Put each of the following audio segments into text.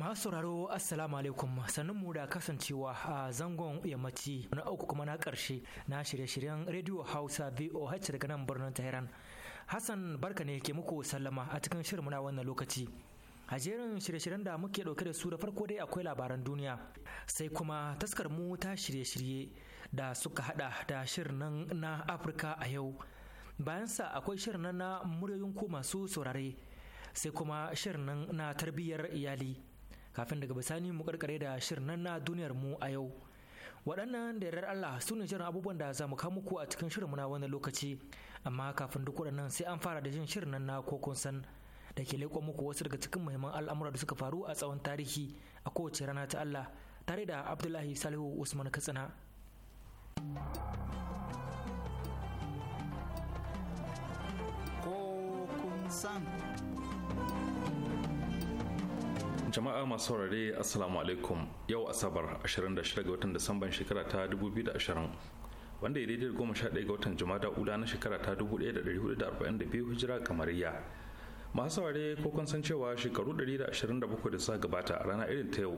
masu sauraro assalamu alaikum sannan mu da kasancewa a zangon yammaci na uku kuma na karshe na shirye-shiryen radio hausa voh daga nan birnin tehran hassan barka ne ke muku sallama a cikin shirin na wannan lokaci a jerin shirye-shiryen da muke dauke da su da farko dai akwai labaran duniya sai kuma taskar mu ta shirye-shirye da suka hada da shirin na afirka a yau bayan sa akwai shirin na muryoyin ku masu saurare sai kuma shirin na tarbiyyar iyali kafin daga bisani mu karkare da shirin nan na duniyar mu a yau waɗannan da yarar Allah su ne jiran abubuwan da za mu kawo muku a cikin shirin muna wani lokaci amma kafin duk waɗannan sai an fara da jin shirin nan na kokon san da ke leƙo muku wasu daga cikin muhimman al'amura da suka faru a tsawon tarihi a kowace rana ta Allah tare da Abdullahi Salihu Usman Katsina. Kokun san. jama'a masu saurare assalamu alaikum yau asabar 26 ga watan disamban shekara ta 2020 wanda ya daidai goma sha daya ga watan jama'a ula na shekara ta 1442 hijira kamariya masu saurare ko kun san cewa shekaru 127 da suka gabata a rana irin ta yau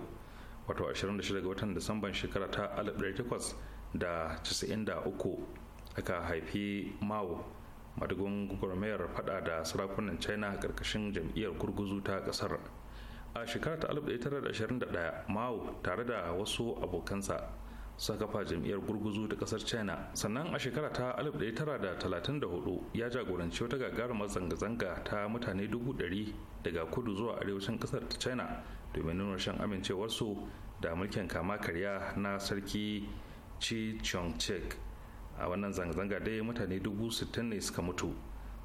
wato 26 ga watan disamban shekara ta 1893 aka haifi mao madugun gwamnatin fada da sarakunan china karkashin jam'iyyar gurguzu ta kasar a shekara ta 1921 mao tare da wasu abokansa suka kafa jam'iyyar gurguzu da kasar china sannan a shekara ta 1934 ya jagoranci wata gagarumar zanga-zanga ta mutane dubu dari daga kudu zuwa arewacin kasar ta china domin nuna shan amincewarsu da mulkin kama karya na sarki chi chong chek a wannan zanga-zanga dai mutane dubu sittin ne suka mutu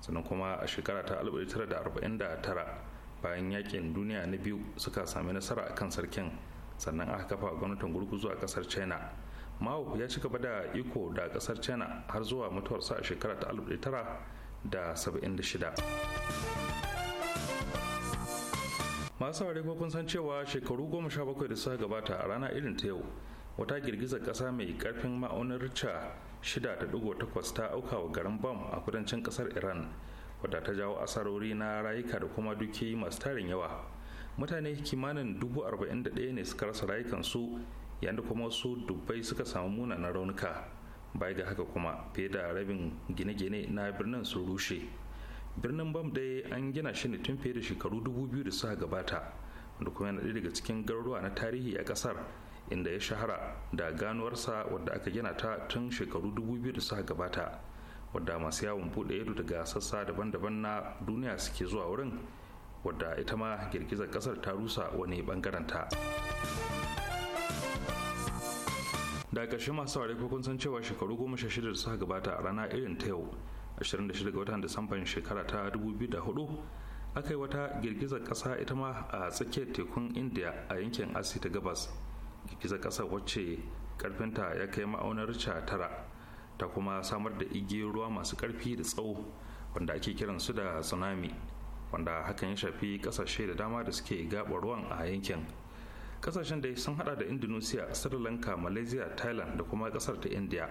sannan kuma a shekara ta 1949 bayan yakin duniya na biyu suka sami nasara a kan sarkin sannan aka kafa gwamnatin gurguzu a kasar china mao ya ci gaba da iko da kasar china har zuwa mutuwarsa a shekara ta 1976 masu saurari ko kun san cewa shekaru goma sha bakwai da suka gabata a rana irin ta yau wata girgizar kasa mai karfin ma'aunin richa 6.8 ta auka wa garin bam a kudancin kasar iran wadda ta jawo asarori na rayuka da kuma duki masu tarin yawa mutane kimanin dubu arba'in da ɗaya ne suka rasa rayukansu yadda kuma su dubbai suka samu munanan raunuka bai ga haka kuma fiye da rabin gine-gine na birnin sun rushe birnin bam ɗaya an gina shi ne tun fiye da shekaru dubu biyu da suka gabata wanda kuma yana ɗaya daga cikin garuruwa na tarihi a ƙasar inda ya shahara da ganuwarsa wadda aka gina ta tun shekaru dubu biyu da suka gabata wadda masu yawon bude ido daga sassa daban-daban na duniya suke zuwa wurin wadda ita ma girgizar kasar ta rusa wani bangaren ta da ƙarshe masu saurari kun san cewa shekaru goma sha shida da suka gabata a rana irin ta yau 26 ga watan disamban shekara ta 2004 aka yi wata girgizar ƙasa ita ma a tsakiyar tekun india a yankin asi ta gabas girgizar ƙasa wacce karfinta ya kai ma'aunar cha tara ta kuma samar da igiyar ruwa masu karfi da tsawo wanda ake kiran su da tsunami wanda hakan ya shafi kasashe da dama da suke gabar ruwan a yankin kasashen da sun hada da indonesia sri lanka malaysia thailand da kuma kasar ta india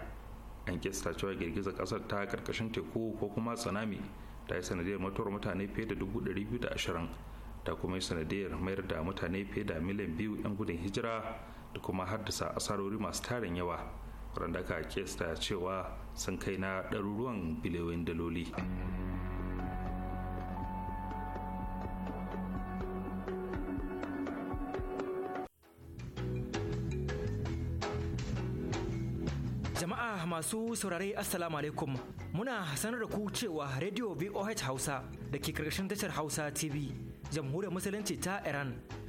an kista cewa girgizar kasar ta karkashin teku ko kuma tsunami ta yi sanadiyar mutuwar mutane fiye da dubu da ashirin ta kuma yi sanadiyar mayar da mutane fiye da miliyan biyu 'yan gudun hijira da kuma haddasa asarori masu tarin yawa waɗanda ka kesta cewa sun kai na ɗaruruwan biliyoyin daloli jama'a masu saurare assalamu alaikum muna sanar da ku cewa radio voh hausa da ke karkashin tashar hausa tv jamhuriyar musulunci ta iran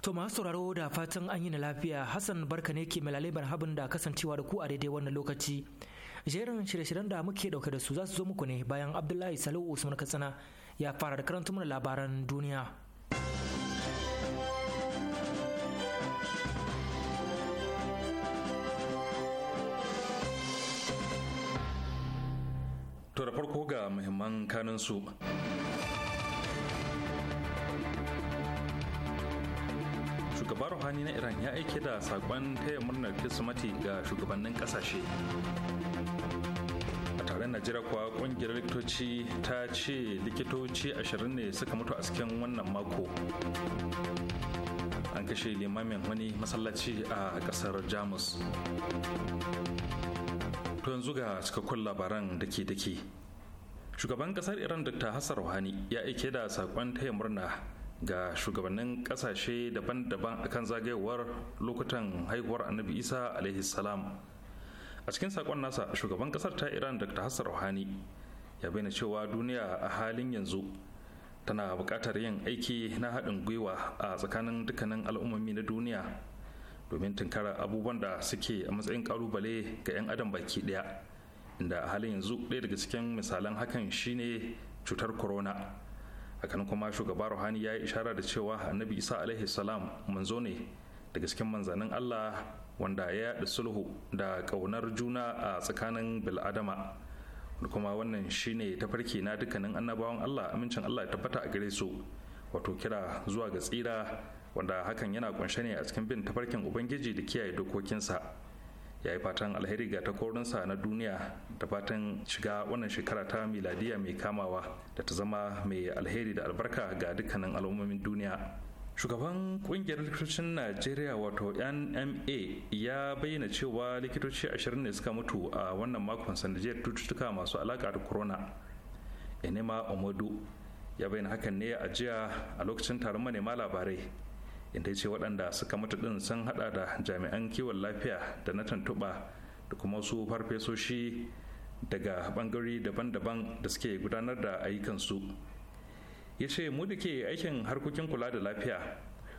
To masu sauraro da fatan an yi na lafiya Hassan barka ne ke malalebar habin da kasancewa da ku a daidai wannan lokaci. Jerin shirye-shiryen da muke dauke da su za su zo muku ne bayan Abdullahi Salihu Usman Katsina ya fara da karanta mana labaran duniya. To da farko ga muhimman kanansu. su. ruhani na iran ya aike da sakon taya murnar kirsimati ga shugabannin ƙasashe a taron najeriya kuwa ƙungiyar likitoci ta ce likitoci ashirin ne suka mutu a cikin wannan mako an kashe limamin wani masallaci a ƙasar jamus to yanzu ga cikakkun labaran dake-dake shugaban ƙasar iran dr hassan ruhani ya aike da sakon taya murna ga shugabannin kasashe daban-daban akan zagayowar lokutan haihuwar annabi isa alaihi salam a cikin sakon nasa shugaban ƙasar ta iran dr hassan rouhani ya bayyana cewa duniya a halin yanzu tana buƙatar yin aiki na haɗin gwiwa a tsakanin dukkanin al'ummomi na duniya domin tunkara abubuwan da suke a matsayin ƙalubale ga 'yan adam baki ɗaya inda a halin yanzu ɗaya daga cikin misalan hakan shine cutar corona hakan kuma shugaba ruhani ya yi ishara da cewa annabi isa alaihi salam manzo ne daga cikin manzanin allah wanda ya yaɗa sulhu da ƙaunar juna a tsakanin bil'adama kuma wannan shine tafarki na dukkanin annabawan allah amincin allah ya tabbata a gare su wato kira zuwa ga tsira wanda hakan yana kunshe ne a cikin bin tafarkin ubangiji da kiyaye dokokinsa ya yi fatan alheri ga takorinsa na duniya da fatan shiga wannan shekara ta miladiya mai kamawa da ta zama mai alheri da albarka ga dukkanin al'ummomin duniya shugaban kungiyar likitocin najeriya wato nma ya bayyana cewa likitoci ashirin ne suka mutu a wannan makon sanadiyar cututtuka masu alaka da corona enema omodu ya bayyana hakan ne a jiya a lokacin taron manema labarai inda ce waɗanda suka mutu ɗin sun haɗa da jami'an kiwon lafiya da na tuntuɓa da kuma wasu farfesoshi daga ɓangare daban-daban da suke gudanar da ayyukansu ya ce mu da ke aikin harkokin kula da lafiya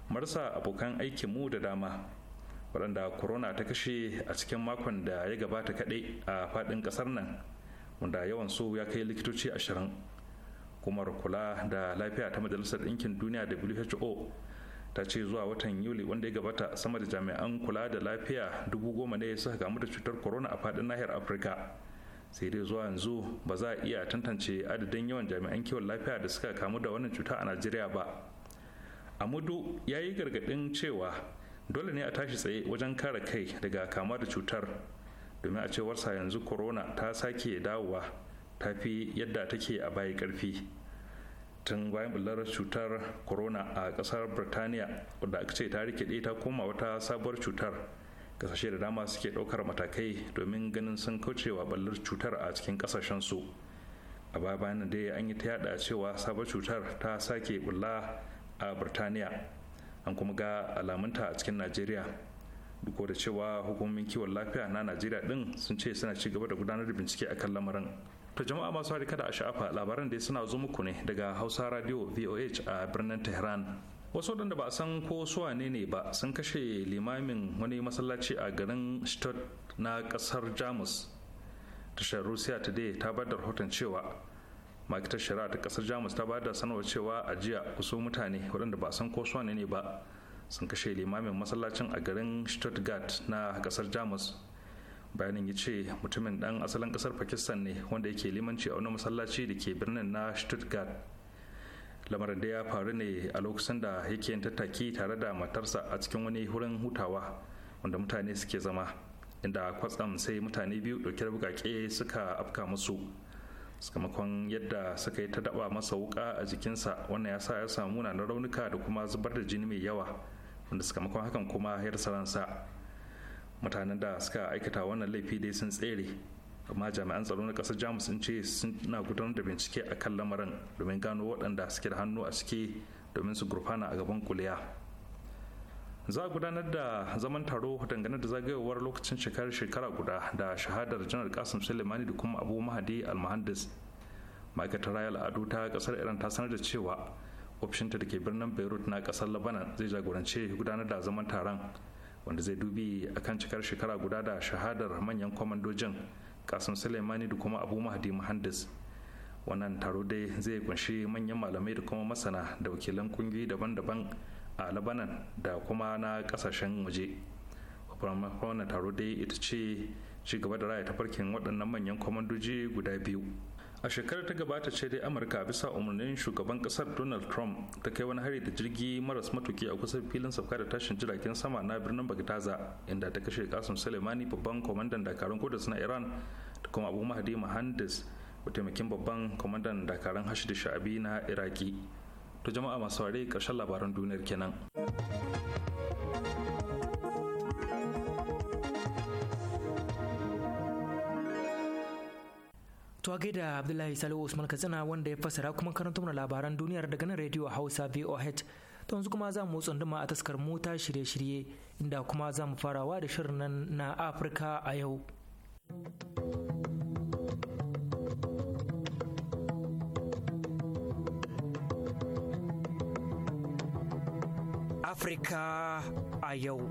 marasa abokan mu da dama waɗanda corona ta kashe a cikin makon da ya gabata kaɗai a faɗin ƙasar nan wanda yawan so ya kai likitoci ashirin kuma kula da lafiya ta majalisar ɗinkin duniya who ta ce zuwa watan yuli wanda ya gabata sama da jami'an kula da lafiya dubu goma ne suka kamu da cutar corona a faɗin nahiyar afirka sai dai zuwa yanzu ba za a iya tantance adadin yawan jami'an kiwon lafiya da suka kamu da wannan cuta a najeriya ba amudu ya yi gargaɗin cewa dole ne a tashi tsaye wajen kare kai daga kama da cutar domin a cewarsa yanzu corona ta sake dawowa ta fi yadda take a baya karfi tun bayan bullar cutar corona a kasar birtaniya wadda aka ce ta rikide ta koma wata sabuwar cutar kasashe da dama suke ɗaukar matakai domin ganin sun kaucewa ballar cutar a cikin kasashensu a baya bayan dai an yi ta yada cewa sabuwar cutar ta sake bulla a birtaniya an kuma ga alamunta a cikin najeriya duk da cewa hukumomin kiwon lafiya na najeriya din sun ce suna ci gaba da gudanar da bincike akan lamarin to jama'a masu kada da sha'afa labaran da suna zo muku ne daga hausa radio voh a birnin tehran wasu waɗanda ba a san ko suwa ne ne ba sun kashe limamin wani masallaci a garin Stutt na ƙasar jamus tashar rusiya today ta ba da rahoton cewa ma'aikatar shari'a ta ƙasar jamus ta ba da sanarwa cewa a jiya kusur mutane waɗanda ba a san ko suwa ne ne ba sun kashe limamin masallacin a garin stuttgart na ƙasar jamus bayanin ya ce mutumin dan asalin kasar pakistan ne wanda yake limanci a wani masallaci da ke birnin na stuttgart lamarin da ya faru ne a lokacin da yake yin tattaki tare da matarsa a cikin wani wurin hutawa wanda mutane suke zama inda kwatsam sai mutane biyu dauke da bukake suka afka musu sakamakon yadda suka yi ta daba masa wuka a jikinsa wannan ya sa ya samu na raunuka da kuma zubar da jini mai yawa wanda sakamakon hakan kuma ya rasa ransa mutanen da suka aikata wannan laifi dai sun tsere amma jami'an tsaro na kasar jamus sun ce suna gudanar da bincike a kan lamarin domin gano waɗanda suke da hannu a ciki domin su gurfana a gaban kuliya za a gudanar da zaman taro dangane da zagayowar lokacin shekarar shekara guda da shahadar janar kasim sulemani da kuma abu mahadi almuhandis ma'aikatar rayar al'adu ta kasar iran ta sanar da cewa ofishinta da ke birnin beirut na kasar labanan zai jagorance gudanar da zaman taron wanda zai dubi a kan cikar shekara guda da shahadar manyan kwamandojin kasan suleimani da kuma abu mahdi muhandis wannan taro dai zai kunshi manyan malamai da kuma masana da wakilan kungiyoyi daban-daban a labanan da kuma na kasashen waje wannan taro dai ita ce ci gaba da raya farkin waɗannan manyan kwamandoji guda biyu a shekarar ta gabata ce dai amurka bisa umarnin shugaban kasar donald trump ta kai wani hari da jirgi maras matuki a kusa filin sauka da tashin jiragen sama na birnin bagdaza inda ta kashe kasum salimani babban kwamandan dakarun kudus na iran da kuma abu mahadi mahandis mataimakin babban kwamandan dakarun hashidu sha'abi na iraki to jama'a masu ware karshen labaran duniyar kenan To gaida Abdullahi Salihu Usman Katsina wanda ya fassara kuma karanta mana labaran duniyar daga nan rediyo Hausa VOH. To yanzu kuma za mu tsunduma a taskar mota shirye-shirye inda kuma za mu farawa da shirin nan na Afirka a yau. Afirka a yau.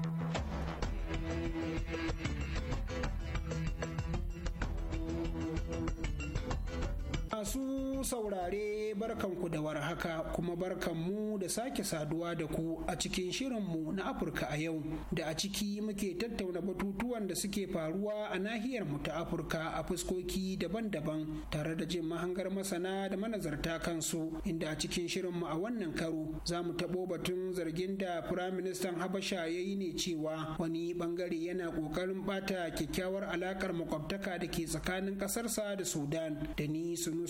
Masu saurare barkanku da warhaka kuma barkanmu da sake saduwa da ku a cikin shirinmu na Afirka a yau da a ciki muke tattauna batutuwan da suke faruwa a nahiyar mu ta Afirka a fuskoki daban-daban tare da jin mahangar masana da manazarta kansu inda a cikin shirinmu a wannan karo za mu taɓo batun zargin da Firaministan Habasha ya yi ne cewa wani bangare yana ƙoƙarin ɓata kyakkyawar alaƙar makwabtaka da ke tsakanin ƙasarsa da Sudan da ni sunu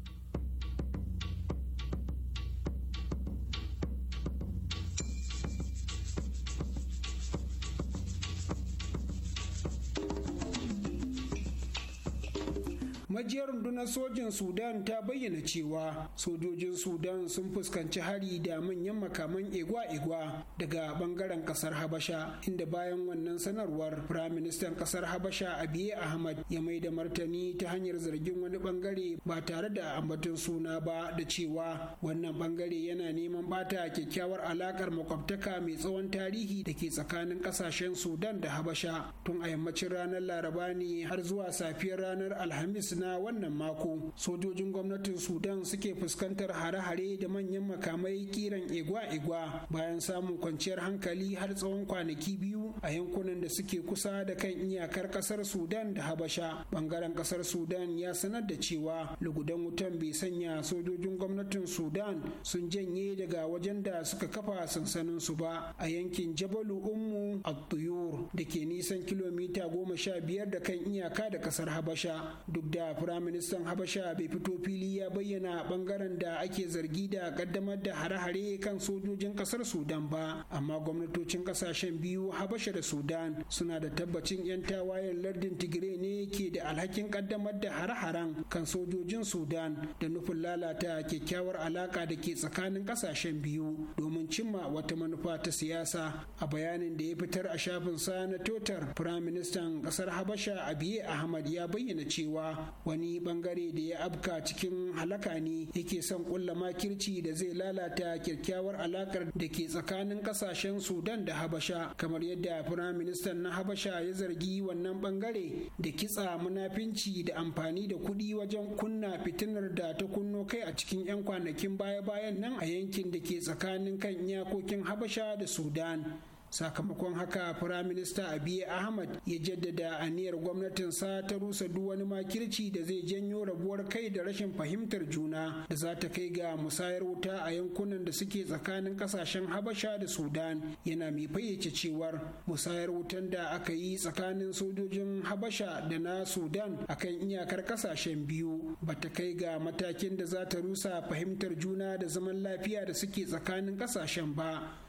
majiyar rundunar sojin sudan ta bayyana cewa sojojin sudan sun fuskanci hari da manyan makaman egwa-egwa daga bangaren kasar habasha inda bayan wannan sanarwar firaministan kasar habasha abiye ahmad ya mai da martani ta hanyar zargin wani bangare ba tare da ambaton suna ba da cewa wannan bangare yana neman bata kyakkyawar alakar makwabtaka mai tsawon tarihi da ke tsakanin kasashen sudan da habasha tun a yammacin ranar laraba ne har zuwa safiyar ranar alhamis na na wannan mako sojojin gwamnatin sudan suke fuskantar hare-hare da manyan makamai kiran igwa-igwa bayan samun kwanciyar hankali har tsawon kwanaki biyu a yankunan da suke kusa da kan iyakar kasar sudan da habasha bangaren kasar sudan ya sanar da cewa lugudan wutan bai sanya sojojin gwamnatin sudan sun janye daga wajen da suka kafa sansanin su ba a yankin jabalu ummu abduyur da ke nisan kilomita goma sha biyar da kan iyaka da kasar habasha duk da firaministan habasha bai fito fili ya bayyana bangaren da ake zargi da kaddamar da hare-hare kan sojojin kasar sudan ba amma gwamnatocin kasashen biyu habasha da sudan suna da tabbacin 'yan tawayen lardin tigray ne ke da alhakin kaddamar da hare-haren kan sojojin sudan da nufin lalata kyakkyawar alaka da ke tsakanin kasashen biyu domin cimma wata manufa ta siyasa a bayanin da ya fitar a shafin sa na totar firaministan kasar habasha abiye ahmad ya bayyana cewa wani bangare da ya afka cikin halaka ne yake son kulla makirci da zai lalata kyakkyawar alakar da ke tsakanin kasashen sudan da habasha kamar yadda firayim ministan na habasha ya zargi wannan bangare da kitsa munafinci da amfani da kuɗi wajen kunna fitinar da ta kunno kai a cikin 'yan kwanakin baya-bayan nan a yankin da ke tsakanin kan iyakokin habasha da sudan sakamakon haka firaminista abiy ahmad ya jaddada aniyar gwamnatin sa ta rusa duk wani makirci da zai janyo rabuwar kai da rashin fahimtar juna da za ta kai ga musayar wuta a yankunan da suke tsakanin kasashen habasha da sudan yana mai fayyace cewar musayar wutan da aka yi tsakanin sojojin habasha da na sudan akan iyakar kasashen biyu ba ta kai ga matakin da za ta rusa fahimtar juna da zaman lafiya da suke tsakanin kasashen ba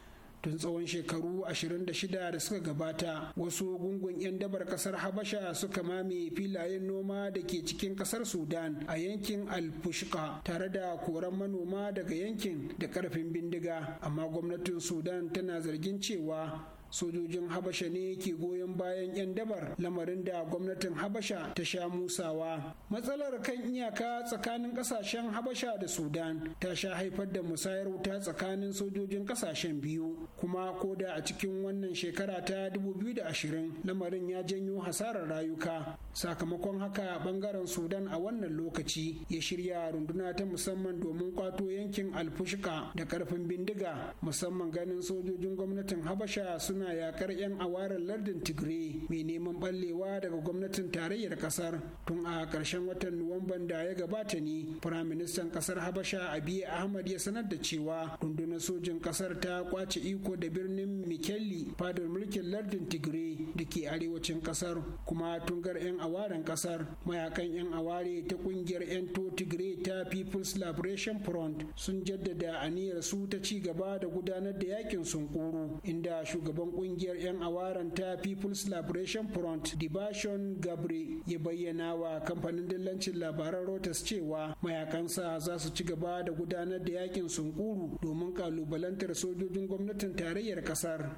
tun tsawon shekaru 26 da suka gabata wasu gungun 'yan dabar kasar habasha suka mame filayen noma da ke cikin kasar sudan a yankin alfushka tare da koran manoma daga yankin da karfin bindiga amma gwamnatin sudan tana zargin cewa sojojin habasha ne ke goyon bayan 'yan dabar lamarin da gwamnatin habasha ta sha musawa matsalar kan iyaka tsakanin kasashen habasha da sudan ta sha haifar da musayar wuta tsakanin sojojin kasashen biyu kuma ko da a cikin wannan shekara ta 2020 lamarin ya janyo hasarar rayuka sakamakon haka bangaren sudan a wannan lokaci ya shirya runduna ta musamman domin kwato yankin alfushka da karfin bindiga musamman ganin sojojin gwamnatin habasha suna suna yakar 'yan awarar lardin tigray mai neman ballewa daga gwamnatin tarayyar kasar tun a ƙarshen watan nuwamban da ya gabata ne firaministan kasar habasha abiy ahmad ya sanar da cewa rundunar sojin kasar ta kwace iko da birnin mikelli fadar mulkin lardin tigray da ke arewacin kasar kuma tungar 'yan awaren kasar mayakan 'yan aware ta kungiyar 'yan to tigray ta people's liberation front sun jaddada aniyar su ta ci gaba da gudanar da yakin sunkuru inda shugaban kungiyar 'yan awaran ta people's liberation front dibashon Gabri ya bayyana wa kamfanin dillancin labaran reuters cewa mayakansa za su ci gaba da gudanar da yakin sunkuru domin kalubalantar sojojin gwamnatin tarayyar kasar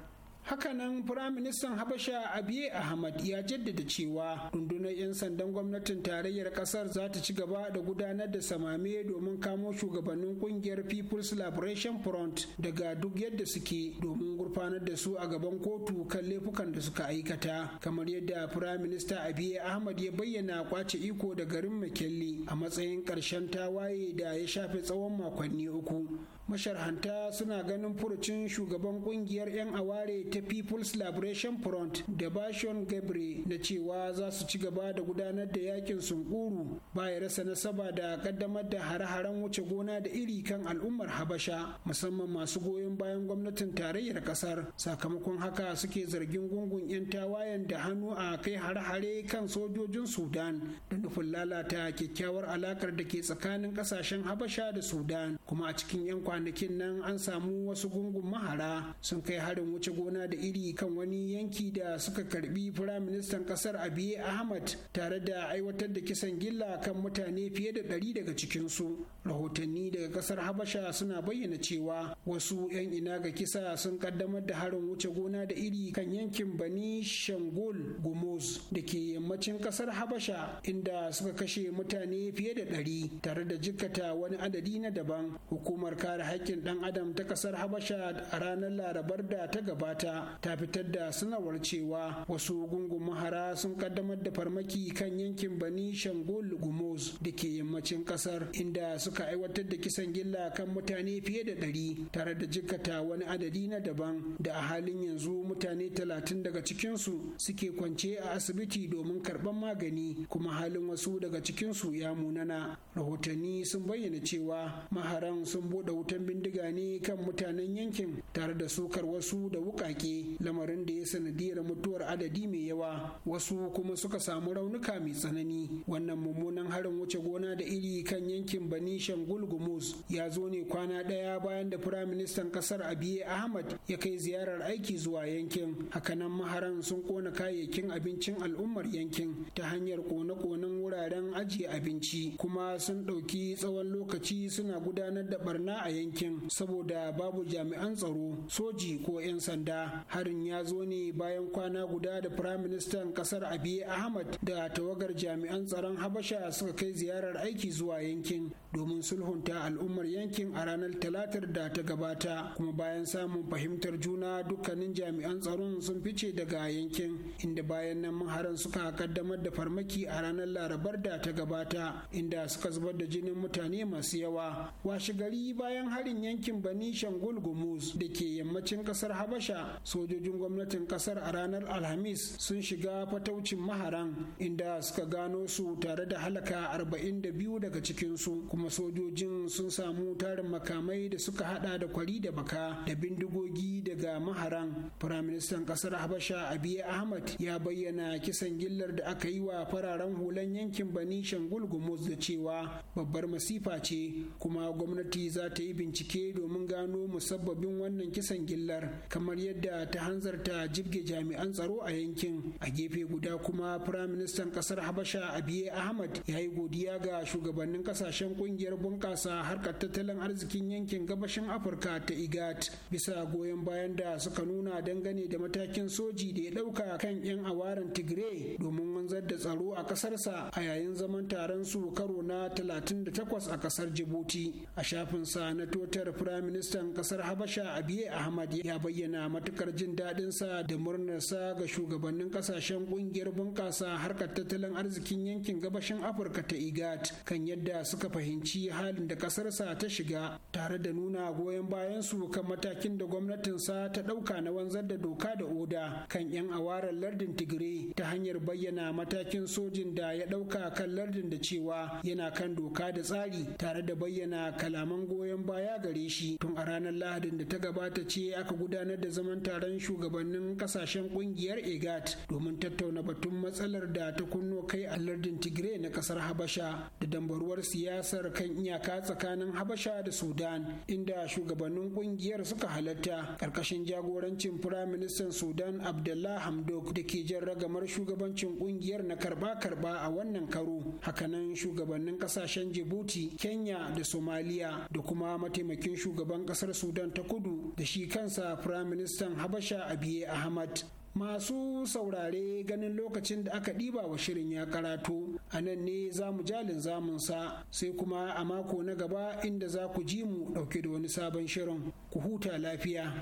hakanan firaministan habasha abiy ahmad ya jaddada cewa rundunar 'yan sandan gwamnatin tarayyar kasar za ta ci gaba da gudanar da samame domin kamo shugabannin kungiyar people's liberation front daga duk yadda suke domin gurfanar da su a gaban kotu kan laifukan da suka aikata kamar yadda firaminista abiye ahmad ya bayyana kwace iko da garin mckinley a matsayin ƙarshen tawaye da ya shafe tsawon makonni uku masharhanta suna ganin furucin shugaban kungiyar 'yan aware ta people's liberation front da bashon gabre na cewa za su ci gaba da gudanar da yakin sunkuru baya rasa nasaba da kaddamar da hare-haren wuce gona da iri kan al'ummar habasha musamman masu goyon bayan gwamnatin tarayyar kasar sakamakon haka suke zargin gungun 'yan tawayen da hannu a kai hare-hare kan sojojin sudan da nufin lalata kyakkyawar alakar da ke tsakanin kasashen habasha da sudan kuma a cikin 'yan kwanakin nan an samu wasu gungun mahara sun kai harin wuce gona da iri kan wani yanki da suka karbi firaministan kasar abiye ahmad tare da aiwatar da kisan gilla kan mutane fiye da ɗari daga cikinsu rahotanni daga kasar habasha suna bayyana cewa wasu 'yan ina ga kisa sun kaddamar da harin wuce gona da iri kan yankin bani shangol gomoz da ke yammacin kasar habasha inda suka kashe mutane fiye da ɗari tare da jikkata wani adadi na daban hukumar kare haƙƙin ɗan adam ta kasar habasha a ranar larabar da ta gabata ta fitar da sanarwar cewa wasu gungun mahara sun kaddamar da farmaki kan yankin Bani Shangol Gumoz da ke yammacin kasar inda suka aiwatar da kisan gilla kan mutane fiye da ɗari tare da jikata wani adadi na daban da a halin yanzu mutane talatin daga cikinsu suke kwance a asibiti domin karɓar magani kuma halin wasu daga cikinsu ya munana rahotanni sun bayyana cewa maharan sun buɗe wutan bindiga ne kan mutanen yankin tare da sukar wasu da wukaki. take lamarin da ya sanadiyar mutuwar adadi mai yawa wasu kuma suka samu raunuka mai tsanani wannan mummunan harin wuce gona da iri kan yankin banishan gulgumus ya zo ne kwana ɗaya bayan da firaministan ƙasar abiye ahmad ya kai ziyarar aiki zuwa yankin hakanan maharan sun kona kayayyakin abincin al'ummar yankin ta hanyar kone-konen wuraren ajiye abinci kuma sun ɗauki tsawon lokaci suna gudanar da barna a yankin saboda babu jami'an tsaro soji ko 'yan sanda harin ya zo ne bayan kwana guda da firayim ministan kasar abiy ahmad da tawagar jami'an tsaron habasha suka kai ziyarar aiki zuwa yankin domin sulhunta al'ummar yankin a ranar talatar da ta gabata kuma bayan samun fahimtar juna dukkanin jami'an tsaron sun fice daga yankin inda bayan nan maharan suka kaddamar da farmaki a ranar larabar da ta gabata inda suka zubar da jinin mutane masu yawa washe gari bayan harin yankin bani shangul gumuz da ke yammacin kasar habasha sojojin gwamnatin kasar a ranar alhamis sun shiga fataucin maharan inda suka gano su tare da halaka biyu daga cikinsu kuma sojojin sun samu tarin makamai da suka hada da kwari da baka da bindigogi daga maharan firaministan kasar habasha abiy ahmad ya bayyana kisan gillar da aka yi wa fararen hulan yankin bani shangul gumuz da cewa babbar masifa ce kuma gwamnati za ta yi bincike domin gano musabbabin wannan kisan gillar kamar yadda da ta hanzarta jibge jami'an tsaro a yankin a gefe guda kuma firaministan kasar habasha abiye ahmad ya yi godiya ga shugabannin kasashen kungiyar bunƙasa harkar tattalin arzikin yankin gabashin afirka ta igat bisa goyon bayan da suka nuna dangane da matakin soji da ya ɗauka kan 'yan awarin tigray domin wanzar da tsaro a ƙasarsa a yayin zaman taron su karo na takwas a ƙasar jibuti a shafinsa na totar firaministan ƙasar habasha abiye ahmad ya bayyana matuƙar matukar jin daɗinsa da murnarsa ga shugabannin ƙasashen ƙungiyar bunƙasa harkar tattalin arzikin yankin gabashin Afirka ta IGAD kan yadda suka fahimci halin da ƙasarsa ta shiga tare da nuna goyon bayansu kan matakin da gwamnatinsa ta ɗauka na wanzar da doka da oda kan 'yan awarar lardin Tigray ta hanyar bayyana matakin sojin da ya ɗauka kan lardin da cewa yana kan doka da tsari tare da bayyana kalaman goyon baya gare shi tun a ranar Lahadin da ta gabata ce aka gudanar da zaman taron shugabannin kasashen kungiyar egat domin tattauna batun matsalar da ta kunno kai a lardin tigre na kasar habasha da dambaruwar siyasar kan iyaka tsakanin habasha da sudan inda shugabannin kungiyar suka halatta karkashin jagorancin firaministan sudan abdullah hamdok da ke jan ragamar shugabancin kungiyar na karba-karba a wannan karo hakanan shugabannin kasashen jibuti kenya da somaliya da kuma mataimakin shugaban kasar sudan ta kudu da shi kansa firaministan habasha habasha biye ahmad masu saurare ganin lokacin da aka ɗiba wa shirin ya karatu a nan ne za mu jalin zamunsa sai kuma a mako na gaba inda za ku ji mu ɗauke da wani sabon shirin ku huta lafiya.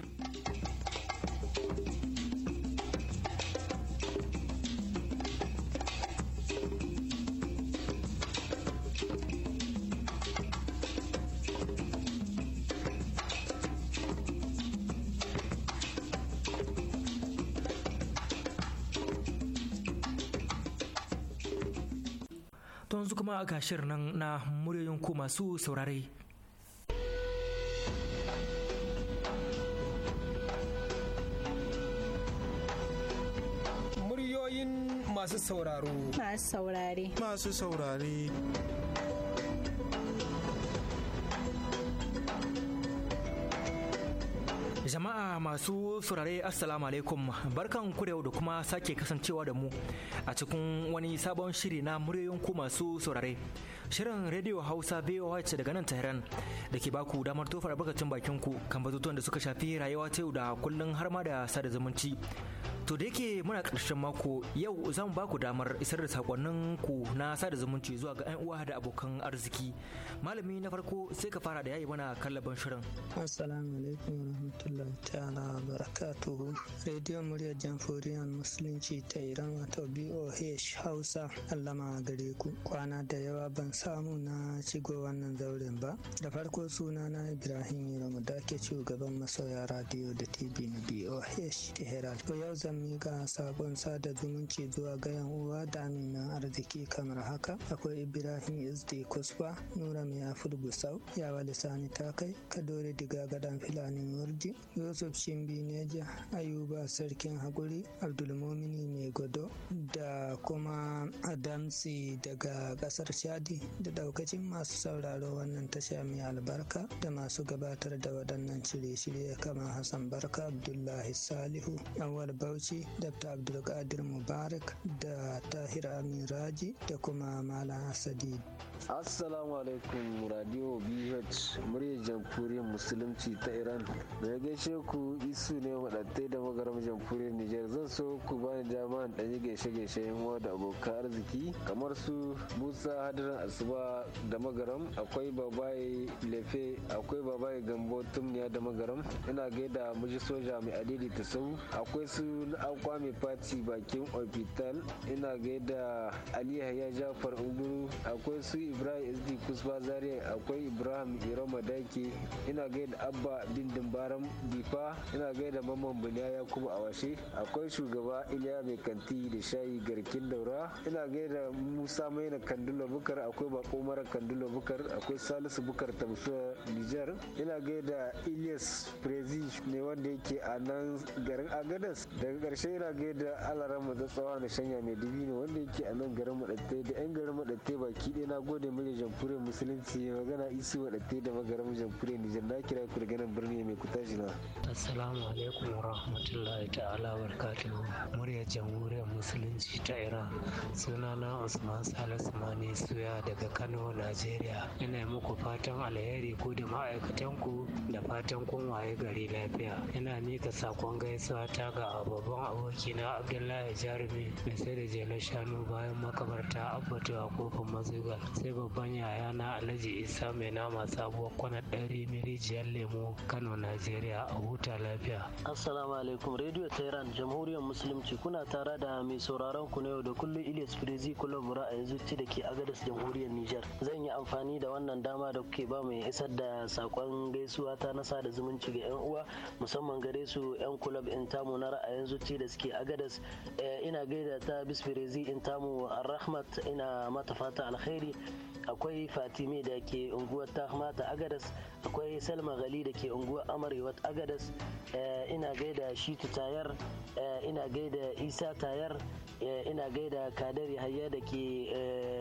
kuma ga shirin nan na muryoyin ku masu saurare. Muryoyin masu sauraro. Masu saurare. Masu saurare. Jama'a masu saurare Assalamu alaikum barkan ku da kuma sake kasancewa da mu a cikin wani sabon shiri na muryoyin masu saurare. Shirin Radio Hausa VOH daga nan Tehran da ke baku damar tofar albarkacin bakin ku kan batutuwan da suka shafi rayuwa ta yau da kullun har ma da sada zumunci. To da yake muna ƙarshen mako yau za mu ba ku damar isar da sakonnin ku na sada zumunci zuwa ga 'yan uwa da abokan arziki. Malami na farko sai ka fara da yayi mana kallaban shirin. Assalamu alaikum warahmatullahi ta'ala barakatuhu. Radio muryar Jamhuriyar Musulunci ta Iran wato BOH Hausa Allama gare ku. Kwana da yawa ban samu na shigo wannan zauren ba. Da farko suna na Ibrahim Yaramu da ke shugaban masoya radio da TV na BOH Tehran. To yau zan miƙa sabon sada zumunci zuwa ga yan uwa da aminan arziki kamar haka akwai ibrahim sd kusfa nura mai afur busau yawa lisani takai kadori diga gadan filanin warji yusuf shimbi neja ayuba sarkin haguri abdulmomini mai godo da kuma adamsi daga kasar shadi da daukacin masu sauraro wannan tasha mai albarka da masu gabatar da waɗannan shirye-shirye kamar hassan barka abdullahi salihu awal bauchi bauchi dr abdulkadir mubarak da tahir amin raji da kuma malam asadi assalamu alaikum radio bh muryar jamhuriyar musulunci ta iran daga gaishe ku isu ne wadatai da magaram jamhuriyar Nijar? zan so ku bani dama dan ɗanyi gaishe gaishe yan da abokan arziki kamar su musa hadirin asuba da magaram akwai babaye lefe akwai babaye gambo tumniya da magaram ina gaida muji soja mai adili ta sau akwai su an kwame fati bakin ofital ina gaida ali ya jafar unguru akwai su ibrahim sd kusba zaria akwai ibrahim iroma daki ina gaida abba bin dimbaran difa ina gaida mamman buniya yakubu awashe akwai shugaba iliya mai kanti da shayi garkin daura ina gaida musa maina kandula bukar akwai bako mara kandula bukar akwai salisu bukar tamsuwa nijar ina gaida ilyas prezi ne wanda yake a nan garin agadas karshe yana gaida alaran da tsawa na shanya mai dubi ne wanda yake a nan garin madatte da yan garin madatte baki ɗaya na gode mili jamfure musulunci magana isu madatte da magarin jamfure nijar na kira ku daga nan birni mai kuta jina. assalamu alaikum wa rahmatullahi ta'ala murya jamhuriyar musulunci ta iran sunana usman salisu mani suya daga kano najeriya ina muku fatan alheri ku da ma'aikatan ku da fatan kun waye gari lafiya ina mika sakon gaisuwa ta ga abubuwa aboki na abdullahi jarumi mai sai da jelar shanu bayan makabarta abbatu a kofin mazuga sai babban yaya na alhaji isa mai nama sabuwar kwana ɗari mirijiyar lemo kano najeriya a huta lafiya assalamu alaikum radio tehran jamhuriyar musulunci kuna tara da mai sauraron ku na yau da kullum ilyas firizi kullum a yanzu da ke agadas jamhuriyar nijar zan yi amfani da wannan dama da kuke ba mai isar da sakon gaisuwa ta na sada zumunci ga yan uwa musamman gare su yan kulab in tamu na ra'ayin ce da suke agadas eh, ina gaida ta bisfirezi in tamu rahmat ina mata fata alkhairi akwai fatime da ke unguwar tahmata agadas akwai salma gali da ke unguwar amarewa agadas eh, ina gaida shitu tayar eh, ina gaida isa tayar ina gaida kadar yahaya da ke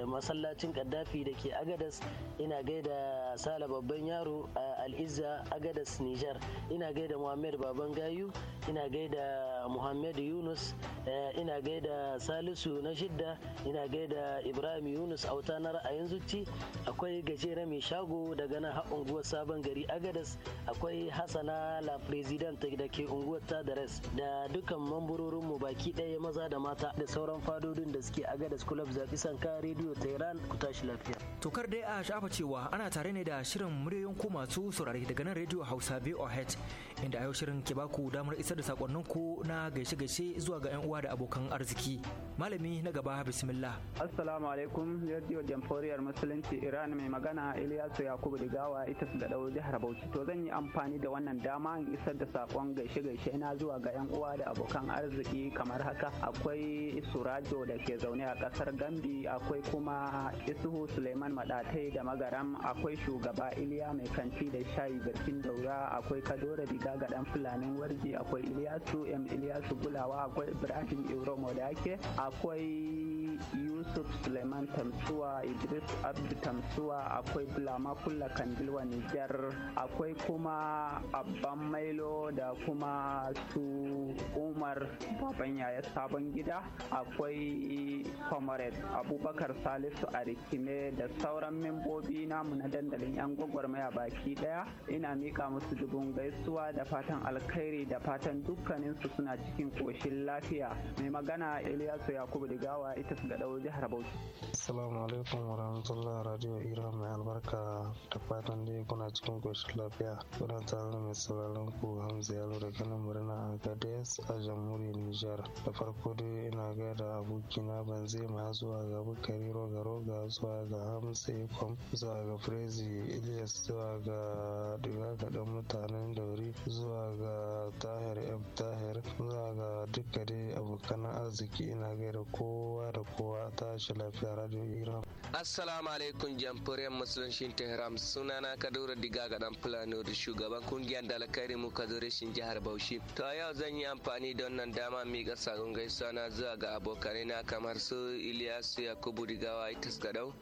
masallacin kaddafi da ke agadas ina gaida sala babban yaro a al'izza agadas nijar ina gaida muhammed baban gayu ina gaida muhammad Muhammad Yunus eh, ina gaida Salisu na shidda ina gaida Ibrahim Yunus auta na ra'ayin zuci akwai gajeren mai shago daga nan har unguwar sabon gari Agadas akwai Hassana la president da ke unguwar Tadares da dukkan mambarorin mu baki ɗaya maza da mata da sauran fadodin da suke Agadas Club zaɓi sanka rediyo Tehran ku tashi lafiya. Tokar dai a shafa cewa ana tare ne da shirin muryoyin masu saurare daga nan rediyo Hausa BOH inda a yau shirin ke baku damar isar da sakonninku na gaishe-gaishe zuwa ga 'yan uwa da abokan arziki. Malami na gaba bismillah. Assalamu alaikum Radio Jamhuriyar Musulunci Iran mai magana Ilyasu Yakubu Digawa ita su gadau jihar Bauchi. To zan yi amfani da wannan dama in isar da sakon gaishe-gaishe na zuwa ga 'yan uwa da abokan arziki kamar haka akwai Surajo da ke zaune a kasar Gambi akwai kuma Isuhu Suleiman maɗatai da Magaram akwai shugaba Iliya mai kanti da shayi garkin daura akwai Kadore Diga ga ɗan Fulani Warji akwai Ilyasu M Ilyasu su kulawa akwai ibrahim iromo da ake akwai yusuf suleiman tamsuwa idris abdu tamsuwa akwai bulama kulla kandilwa nijar akwai kuma abban mailo da kuma su umar baban yaya sabon gida akwai comrade abubakar salisu a arikime da sauran membobi namu na dandalin yan gwagwarmaya baki daya ina mika musu dubun gaisuwa da fatan alkhairi da fatan dukkaninsu suna ci cikin koshin lafiya mai magana Ilyasu Yakubu Digawa ita su gaɗau jihar Bauchi. Assalamu alaikum wa rahmatullah radio Ira mai albarka da fatan dai kuna cikin koshin lafiya. Kuna tare mai sauraron ku Hamza Yalo da kan murna a Gades a jamhuriyar Nijar. Da farko dai ina da abokina ban zai ma zuwa ga Bukari Roga Roga zuwa ga Hamza Ikom zuwa ga Frezi Ilyas zuwa ga Diga ga mutanen da Buhari zuwa ga Tahir ab Tahir zuwa ga duka dai abokan arziki ina gaida kowa da kowa tashi lafiya Radio Iran. Assalamu alaikum jamhuriyar musulunshin Tehran sunana Kadura Diga ga dan Fulani da shugaban kungiyar dalakari mu Kadura shin jihar Bauchi. To a yau zan yi amfani da wannan dama ga sakon gaisuwa na zuwa ga abokanai kamar su Iliyasu Yakubu Digawa Itas Gadau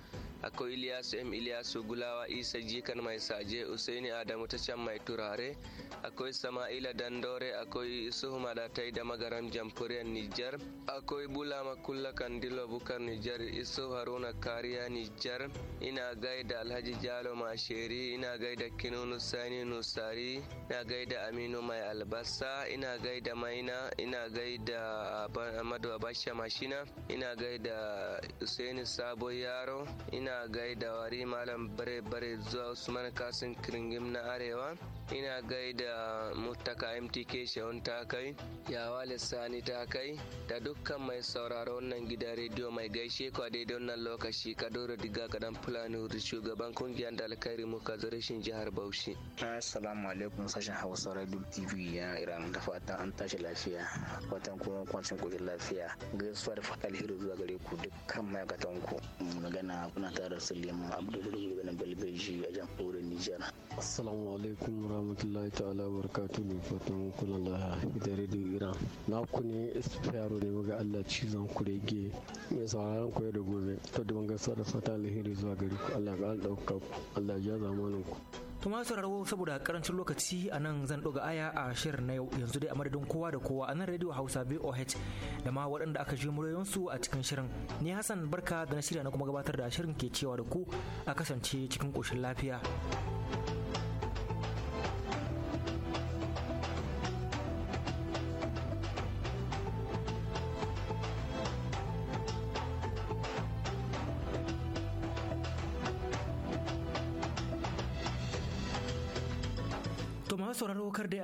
akwai Iliyasu M Iliyasu Gulawa Isa Jikan Mai Saje Usaini Adamu ta can mai turare akwai Sama'ila Dandore akwai su Madatai da magaran jamfuriyar Nijar akwai Bula Makulla Kandilo Bukar Nijar Isuhu Haruna Kariya Nijar ina gaida Alhaji Jalo Masheri ina gaida Kinunu Sani Nusari ina gaida Aminu Mai Albasa ina da Maina ina gaida Amadu Abasha Mashina ina gaida Usaini Sabo Yaro ina ina gaida wari malam bare bare zuwa usman kasin kiringim na arewa ina gaida mutaka mtk shehun ta kai yawa lissani ta kai da dukkan mai sauraro wannan gidan rediyo mai gaishe ku a daidai wannan lokaci ka dora diga dan fulani shugaban kungiyar da alkhairi muka rashin jihar bauchi assalamu alaikum sashen hausa radio tv ya iran da fatan an tashi lafiya fatan kuma kwancin kujin lafiya gaisuwa da fatan alheri zuwa gare ku dukkan gatan ku magana kuna tare da suleiman abdul ganin balbeji a jamhuriyar nijar assalamu alaikum rahmatullahi ta'ala barkatu ne fatan kula Allah da rediyo iran na ku ne isfiyaro ne muga allah cizon ku rege mai sauraron ku da gobe to da bangasar da fata alheri zuwa gari ku allah ga dauka ku allah ya zamanin ku To ma sauraro saboda karancin lokaci a nan zan ɗoga aya a shirin na yau yanzu dai a madadin kowa da kowa a nan radio Hausa BOH da ma waɗanda aka ji su a cikin shirin. Ni Hassan Barka da na shirya na kuma gabatar da shirin ke cewa da ku a kasance cikin koshin lafiya.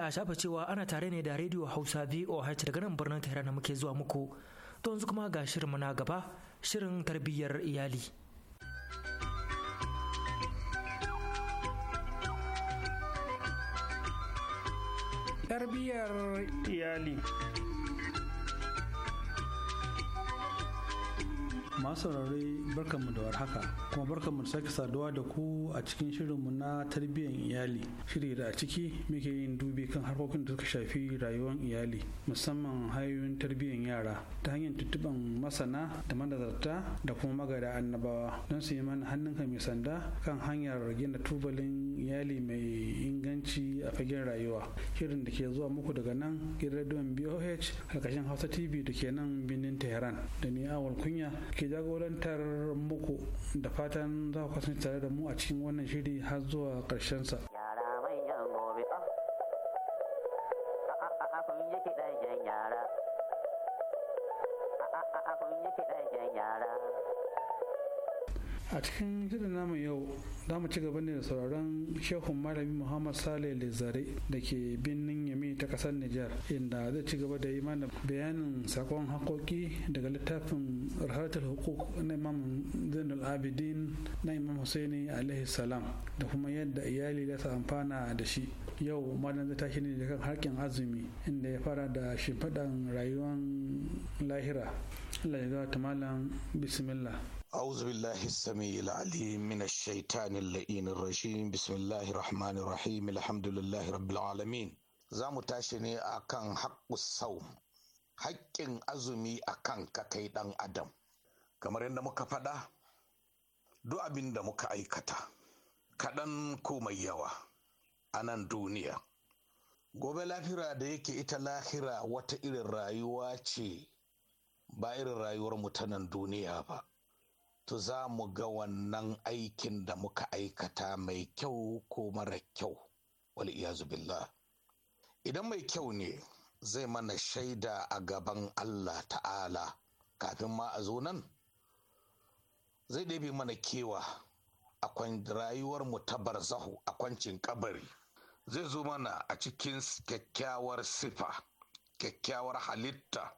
a shafa cewa ana tare ne da rediyo hausa voh daga nan birnin tehran muke zuwa muku to yanzu kuma ga shirin mana gaba shirin tarbiyyar iyali tarbiyyar iyali masu barka barkanmu da warhaka kuma barkanmu da sake saduwa da ku a cikin shirinmu na tarbiyyar iyali shiri da a ciki muke yin dubi kan harkokin da suka shafi rayuwar iyali musamman hanyoyin tarbiyyar yara ta hanyar tuttuban masana da manazarta da kuma magada annabawa don su yi mana hannunka mai sanda kan hanyar gina tubalin iyali mai inganci a fagen rayuwa shirin da ke zuwa muku daga nan gidan rediyon boh karkashin hausa tv da ke nan birnin tehran da ni awal kunya ke ke jagorantar muku da fatan za ku kasance tare da mu a cikin wannan shiri har zuwa ƙarshensa. Yara manyan gobe, ah, ah, ah, yara. a cikin shirin namun yau za mu ci gaba ne da sauraron shehun malami muhammad saleh lezare da ke birnin yami ta kasar nijar inda zai ci gaba da yi mana bayanin sakon hakoki daga littafin rahatul hukuk na imam zainul abidin na imam husaini alaihi salam da kuma yadda iyali za su amfana da shi yau malam zai tashi ne da kan harkin azumi inda ya fara da shimfiɗan rayuwar lahira Allah ya ta malam bismillah أعوذ بالله السميع العليم من الشيطان اللئين الرجيم بسم الله الرحمن الرحيم الحمد za mu tashi ne a kan haƙusau haƙƙin azumi a kan ka kai ɗan adam kamar yadda muka faɗa duk abin da muka aikata kaɗan ko mai yawa a nan duniya gobe lafira da yake ita lahira wata irin rayuwa ce ba irin rayuwar mu ta nan duniya ba to za mu ga wannan aikin da muka aikata mai kyau ko mara kyau wal billah idan mai kyau ne zai mana shaida a gaban allah ta'ala kafin ma a zo nan zai ɗabi mana kewa a rayuwar mu ta barzahu a kwancin kabari zai zo mana a cikin kyakkyawar sifa kyakkyawar halitta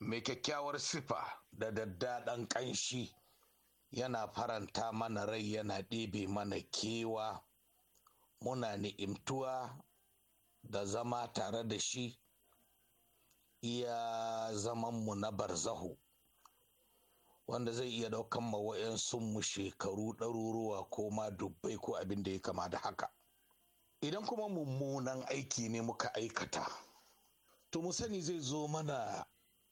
mai kyakkyawar sifa da daddaɗan ƙanshi yana faranta mana rai yana ɗebe mana kewa muna ni'imtuwa da zama tare da shi iya zaman mu na barzahu wanda zai iya ɗaukan ma mu shekaru ɗaruruwa ko ma dubbai ko abin da ya kama da haka idan kuma mummunan aiki ne muka aikata to mu sani zai zo mana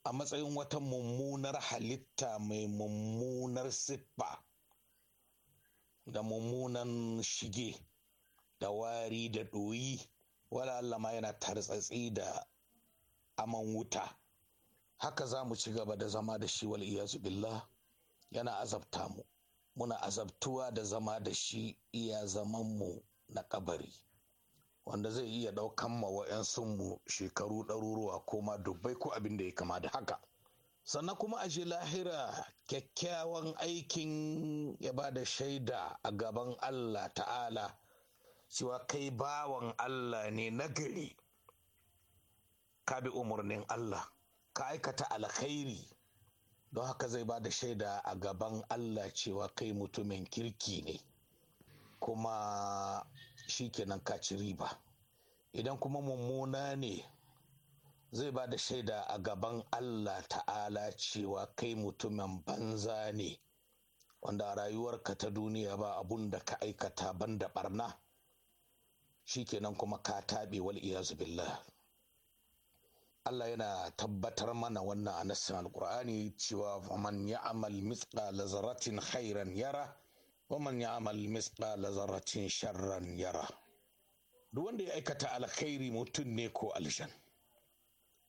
a matsayin wata mummunar halitta mai mummunar siffa da mummunan shige da wari da ɗoyi wala Allah ma yana tartsatsi da aman wuta haka za mu ci gaba da zama da shi wal iyazu billah yana azabta mu muna azabtuwa da zama da shi iya zaman mu na kabari wanda zai iya ɗaukan ma mu shekaru ɗaruruwa ko ma dubbai ko abin da ya kama da haka sannan kuma a ji lahira kyakkyawan aikin ya ba da shaida a gaban allah ta'ala cewa kai bawan allah ne nagari ka bi umarnin allah ka aikata alkhairi don haka zai ba da shaida a gaban allah cewa kai mutumin kirki ne kuma shi kenan ka ci riba idan kuma mummuna ne zai ba da shaida a gaban allah ta'ala cewa kai mutumin banza ne wanda a rayuwarka ta duniya ba abun da ka aikata ban da barna shi kenan kuma ka taɓe wal billah Allah yana tabbatar mana wannan a nassin alkur'ani cewa man ya amal mithqala zarratin khairan yara waman ya amal misqala zarratin sharran yara duk wanda ya aikata alkhairi mutum ne ko alshan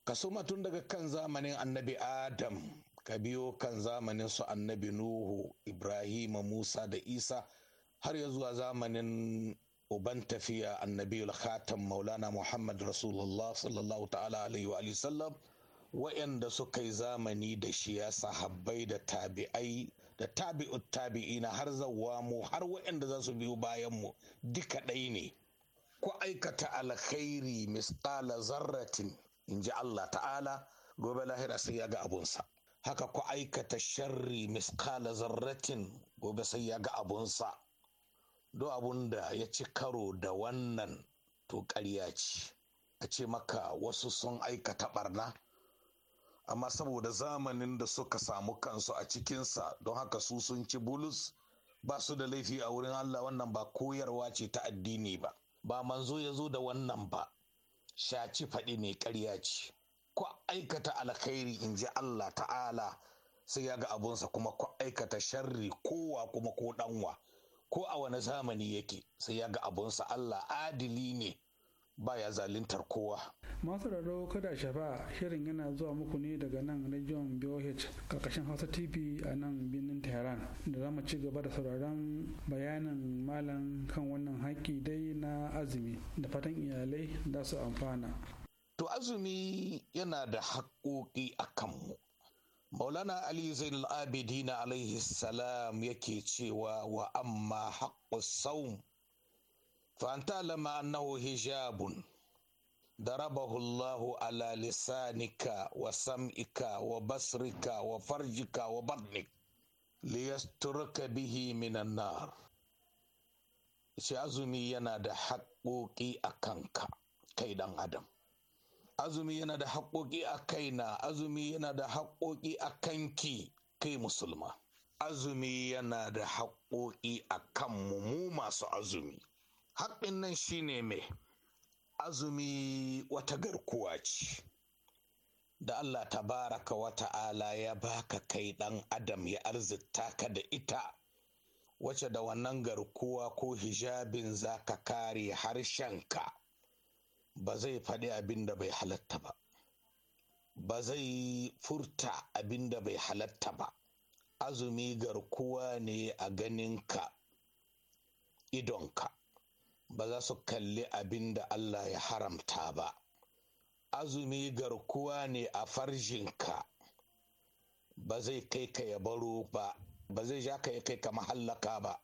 kasuma tun daga kan zamanin annabi adam ka biyo kan zamanin su annabi nuhu ibrahima musa da isa har ya zuwa zamanin uban tafiya annabi khatam maulana muhammad rasulullah sallallahu ta'ala alaihi zamani da shi ya sahabbai da tabi'ai da tabi'u tabi'ina har zawwa mu har waɗanda za su biyo bayan mu duka ɗai ne ku aikata alkhairi misqala zarratin in ji Allah ta'ala gobe lahira sai ya ga abunsa haka ku aikata sharri misqala zarratin gobe sai ya ga abunsa do abun da ya ci karo da wannan to ƙarya ce a ce maka wasu sun aikata barna amma saboda zamanin da suka samu kansu a cikinsa don haka su sun ci bulus ba su da laifi a wurin Allah wannan ba koyarwa ce ta addini ba ba manzo ya zo da wannan ba shaci faɗi ne ƙarya ce ko aikata alkhairi in ji Allah ta'ala sai ya ga abunsa kuma ku aikata sharri kowa kuma ko ɗanwa ko a wani zamani yake sai ya ga abunsa Allah adili ne Ba ya zaluntar kowa. Masu raro kada shafa shirin yana zuwa muku ne daga nan na John BOH karkashin Hausa TV a nan birnin Tehran da za mu ci gaba da sauraron bayanin malam kan wannan haƙƙi dai na azumi da fatan iyalai da su amfana. To azumi yana da haƙoƙi a kanmu. Maulana Ali Zainal Abidin alaihi salam yake cewa wa amma haƙƙo saum فان تعلم انه حجاب ضربه الله على لسانك وسمعك وبصرك وفرجك وبطنك ليسترك به من النار شي azumi yana da haƙoƙi a kanka kai ɗan adam azumi yana da haƙoƙi a kaina azumi yana da haƙoƙi a kanki kai musulma azumi yana da haƙoƙi a kanmu mu masu azumi haƙƙin nan shine mai azumi wata garkuwa ce da Allah ta baraka wa ta'ala ya baka kai ɗan adam ya arzita ka da ita wace da wannan garkuwa ko hijabin za ka kare harshenka ba zai faɗi abin da bai halatta ba ba zai furta abin da bai halatta ba azumi garkuwa ne a ganin ganinka idonka ba za su kalli abin da Allah ya haramta ba. Azumi garkuwa ne a farjinka, ba zai kai ka ya baro ba, ba zai ja ka ya kai ka mahallaka ba.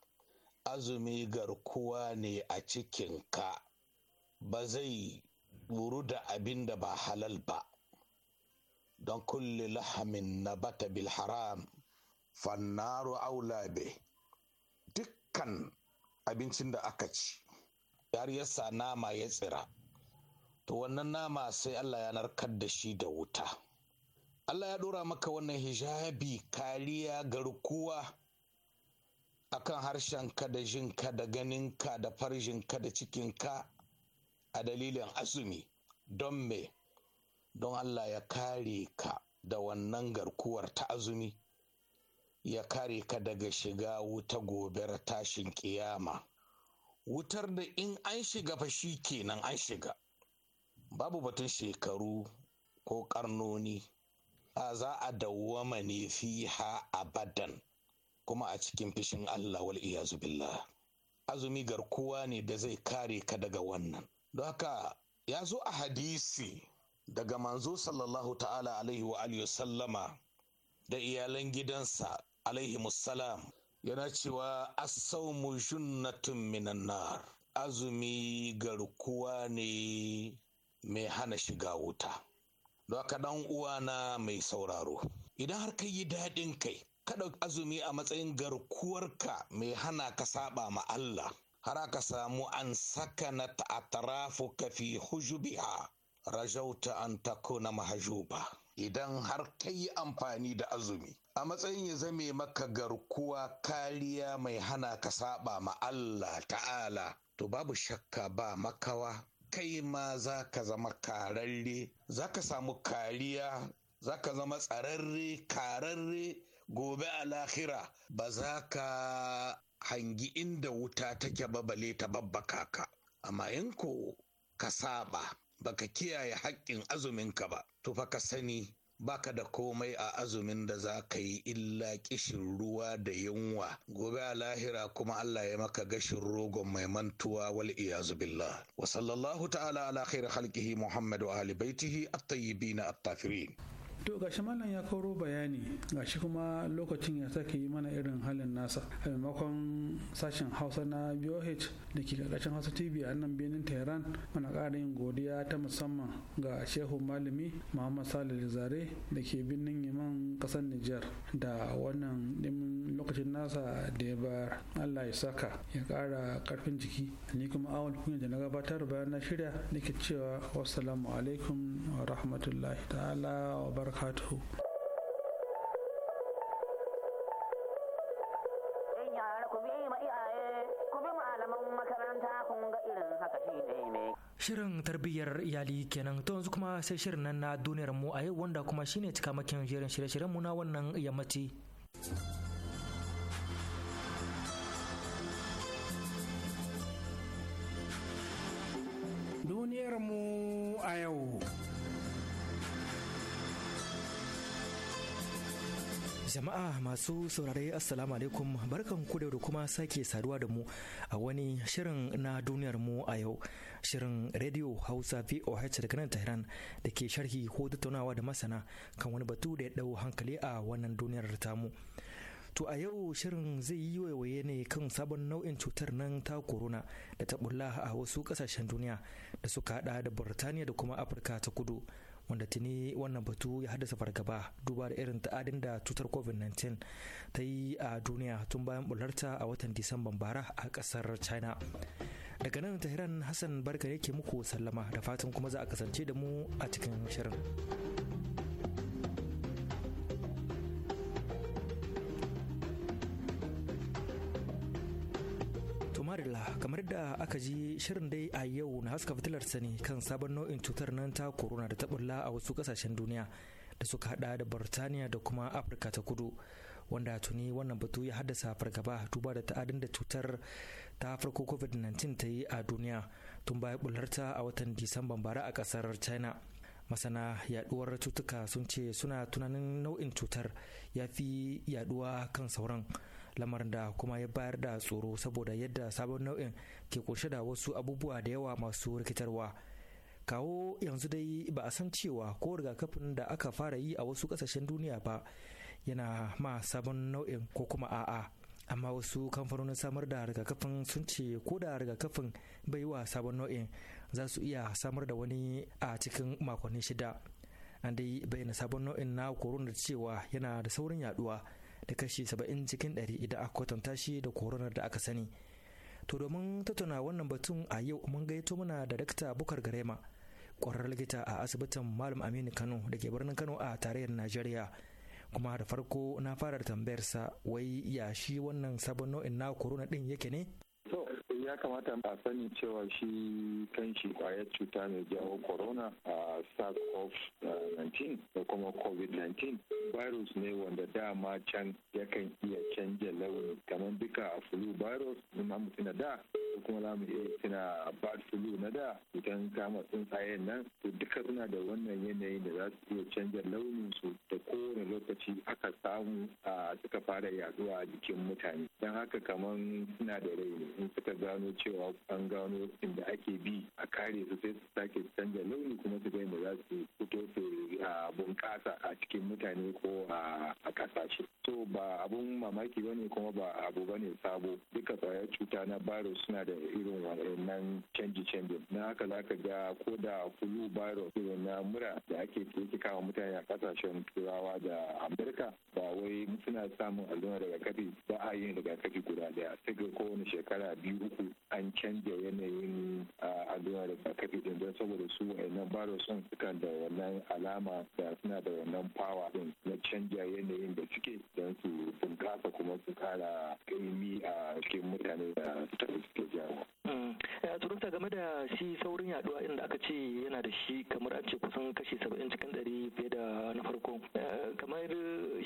Azumi garkuwa ne a cikinka, ba zai wuru da abin da ba halal ba. Don kulle lahamin na bata bil haram, fannaru aula be, dukkan abincin da aka ci. har yasa nama ya tsira to wannan nama sai Allah ya narkar da shi da wuta Allah ya ɗora maka wannan hijabi kariya garkuwa akan harshen harshenka da jinka da ganinka da farjinka da cikinka a dalilin azumi don me don Allah ya kare ka da wannan garkuwar ta azumi ya kare ka daga shiga wuta gobe tashin kiyama wutar da in an shiga fa shi kenan an shiga babu batun shekaru ko karnoni a za a dawwama ne ha abadan kuma a cikin fishin Allah wal iyazu billah azumi garkuwa ne da zai kare ka daga wannan don haka ya zo a hadisi daga manzo sallallahu ta'ala alaihi wa alihi sallama da iyalan gidansa alaihi musallam yana cewa asaumu junnatun minan nar azumi garkuwa ne mai hana shiga wuta don ka dan uwana mai sauraro idan har ka yi daɗin kai ka ɗauki azumi a matsayin garkuwarka mai hana ka saba ma Allah har aka samu an saka na ta'atarafu ka fi hujubiha rajauta an takuna mahajuba idan har ka yi amfani da azumi a matsayin ya zame maka garkuwa kariya mai hana ka saba ma Allah ta'ala to babu shakka ba makawa kai ma za ka zama kararre za ka samu kariya za ka zama tsararre kararre gobe a lahira ba za ka hangi inda wuta take babale ta babbaka ka amma in ko ka saba baka kiyaye haƙƙin azuminka ba to fa ka sani baka da komai a azumin da za ka yi illa kishin ruwa da yunwa gobe a lahira kuma Allah ya maka gashin rogon mai mantuwa wal iyazu billah wa sallallahu ta'ala ala khair khalqihi muhammadu ali baitihi at-tayyibin at-tafirin to gashi malam ya koro bayani gashi kuma lokacin ya sake yi mana irin halin nasa a maimakon sashen hausa na boh da ke karkashin hausa tv a nan birnin tehran mana ƙara yin godiya ta musamman ga shehu malami muhammad salih zare da ke birnin yaman ƙasar nijar da wannan dimin lokacin nasa da ya bayar allah ya saka ya ƙara ƙarfin jiki ni kuma awon kunya da na gabatar bayan na shirya nake cewa wassalamu alaikum wa rahmatullahi ta'ala wa wabarakatuhu Shirin tarbiyyar iyali kenan to yanzu kuma sai shirin nan na duniyar mu a yau wanda kuma shine cikamakin shirin shirye-shiryen mu na wannan yammaci. Duniyar mu a yau. Jama'a masu saurare Assalamu alaikum barkan ku da kuma sake saduwa da mu a wani shirin na duniyar mu a yau shirin Radio Hausa VOH daga nan Tehran da ke sharhi ko tattaunawa da masana kan wani batu da ya dau hankali a wannan duniyar tamu. To a yau shirin zai yi waiwaye ne kan sabon nau'in cutar nan ta corona da ta bulla a wasu kasashen duniya da suka hada da Burtaniya da kuma Afirka ta kudu. wanda tuni wannan batu ya haddasa fargaba duba da irin ta'adin da cutar covid-19 ta yi a duniya tun bayan bularta a watan disamban bara a kasar china daga nan tahiran hassan barka yake muku sallama da fatan kuma za a kasance da mu a cikin shirin Allah kamar da aka ji shirin dai a yau na haska fitilar sani. kan sabon nau'in cutar nan ta corona da ta bulla a wasu kasashen duniya da suka hada da Burtaniya da kuma Afirka ta kudu wanda tuni wannan batu ya haddasa fargaba duba da ta'adin da cutar ta farko covid-19 ta yi a duniya tun baya bullarta a watan disamban bara a kasar china masana yaduwar cutuka sun ce suna tunanin nau'in cutar ya fi yaduwa kan sauran lamar da kuma ya bayar da tsoro saboda yadda sabon nau'in ke kunshe da wasu abubuwa da yawa masu rikitarwa kawo yanzu dai ba a san cewa ko rigakafin da aka fara yi a wasu kasashen duniya ba yana ma sabon nau'in ko kuma a'a amma wasu kamfanonin samar da rigakafin sun ce ko da rigakafin bai wa sabon nau'in za su iya samar da wani a cikin makonni shida an dai bayyana sabon nau'in na corona cewa yana da saurin yaduwa da kashi 70 cikin 100 idan aka kwatanta shi da koronar da aka sani to domin tattauna wannan batun a yau mun gaito muna da dakta bukar garema kwarar likita a asibitin malam aminu kano da ke birnin kano a tarayyar najeriya kuma da farko na fara tambayar sa wai ya shi wannan sabon nau'in na korona din yake ne ya kamata a sani cewa shi kanshi kwayar cuta mai jawo corona a SARS-CoV-19 da kuma COVID-19 virus ne wanda dama can yakan iya canja launi kamar duka a flu virus na mutu na da kuma za mu iya tuna bad flu na da idan kama tsuntsayen nan to duka suna da wannan yanayin da za su iya canja launin su da kowane lokaci aka samu a suka fara yaduwa a jikin mutane don haka kamar suna da rai in suka gano gano cewa an gano inda ake bi a kare su sai su sake canza launi kuma su ga inda za su fito su bunƙasa a cikin mutane ko a ƙasashe. To ba abun mamaki bane kuma ba abu bane sabo duka kwayar cuta na virus suna da irin wannan canji canji na haka za ka ga ko da kulu virus irin na mura da ake tuki kawo mutane a ƙasashen turawa da amurka ba wai suna samun daga kafi ba a yin rigakafi guda ɗaya sai ga kowane shekara biyu uku an canja yanayin duniya da kafi din don saboda su wayannan da sun suka da wannan alama da suna da wannan power din na canja yanayin da suke don su bunkasa kuma su kara ilimi a cikin mutane da suke jawo. Mm. turunta game da shi saurin yaduwa inda aka ce yana da shi kamar an ce kusan kashi saba'in cikin dari fiye da na farko eh, kamar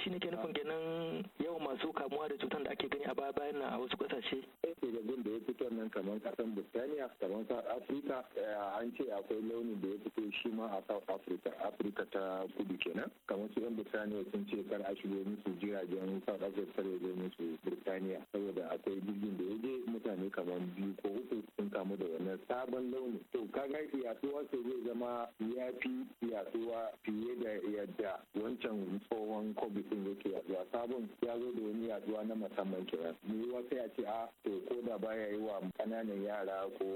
shi ne ke nufin kenan yawan masu kamuwa da cutar da ake gani a baya bayan a wasu ƙasashe. Eh, da ya fitar nan kamar kasan burtaniya kamar south eh, an ce akwai launin da ya fito shi ma a south africa Afirka ta kudu kenan kamar su yan burtaniya sun ce kar a shigo musu jiragen south africa kar ya zo musu burtaniya saboda akwai jirgin da ya je mutane kamar biyu ko uku kamu da wannan sabon launi to kaga yaduwa sai zai zama ya fi yaduwa fiye da yadda wancan tsohon covid din yake yaduwa sabon ya zo da wani yaduwa na musamman kenan yi wasu ya ce a ah, to ko da baya yi wa kananan yara ko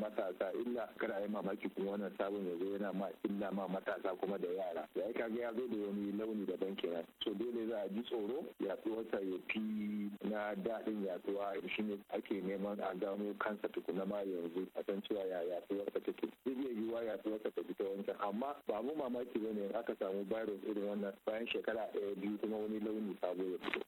matasa illa kada a yi mamaki kuma wannan sabon ya zo yana ma illa ma matasa kuma da yara ya yi kaga ya zo da wani launi daban kenan to dole za a ji tsoro yaduwarsa ya fi na daɗin yaduwa shine ake neman a gano kansa tukuna ma yanzu a san cewa ya yaduwar ta take zai iya yiwuwa yaduwar ta fita ta wancan amma ba mu mamaki ba ne aka samu virus irin wannan bayan shekara ɗaya biyu kuma wani launi sabo ya fito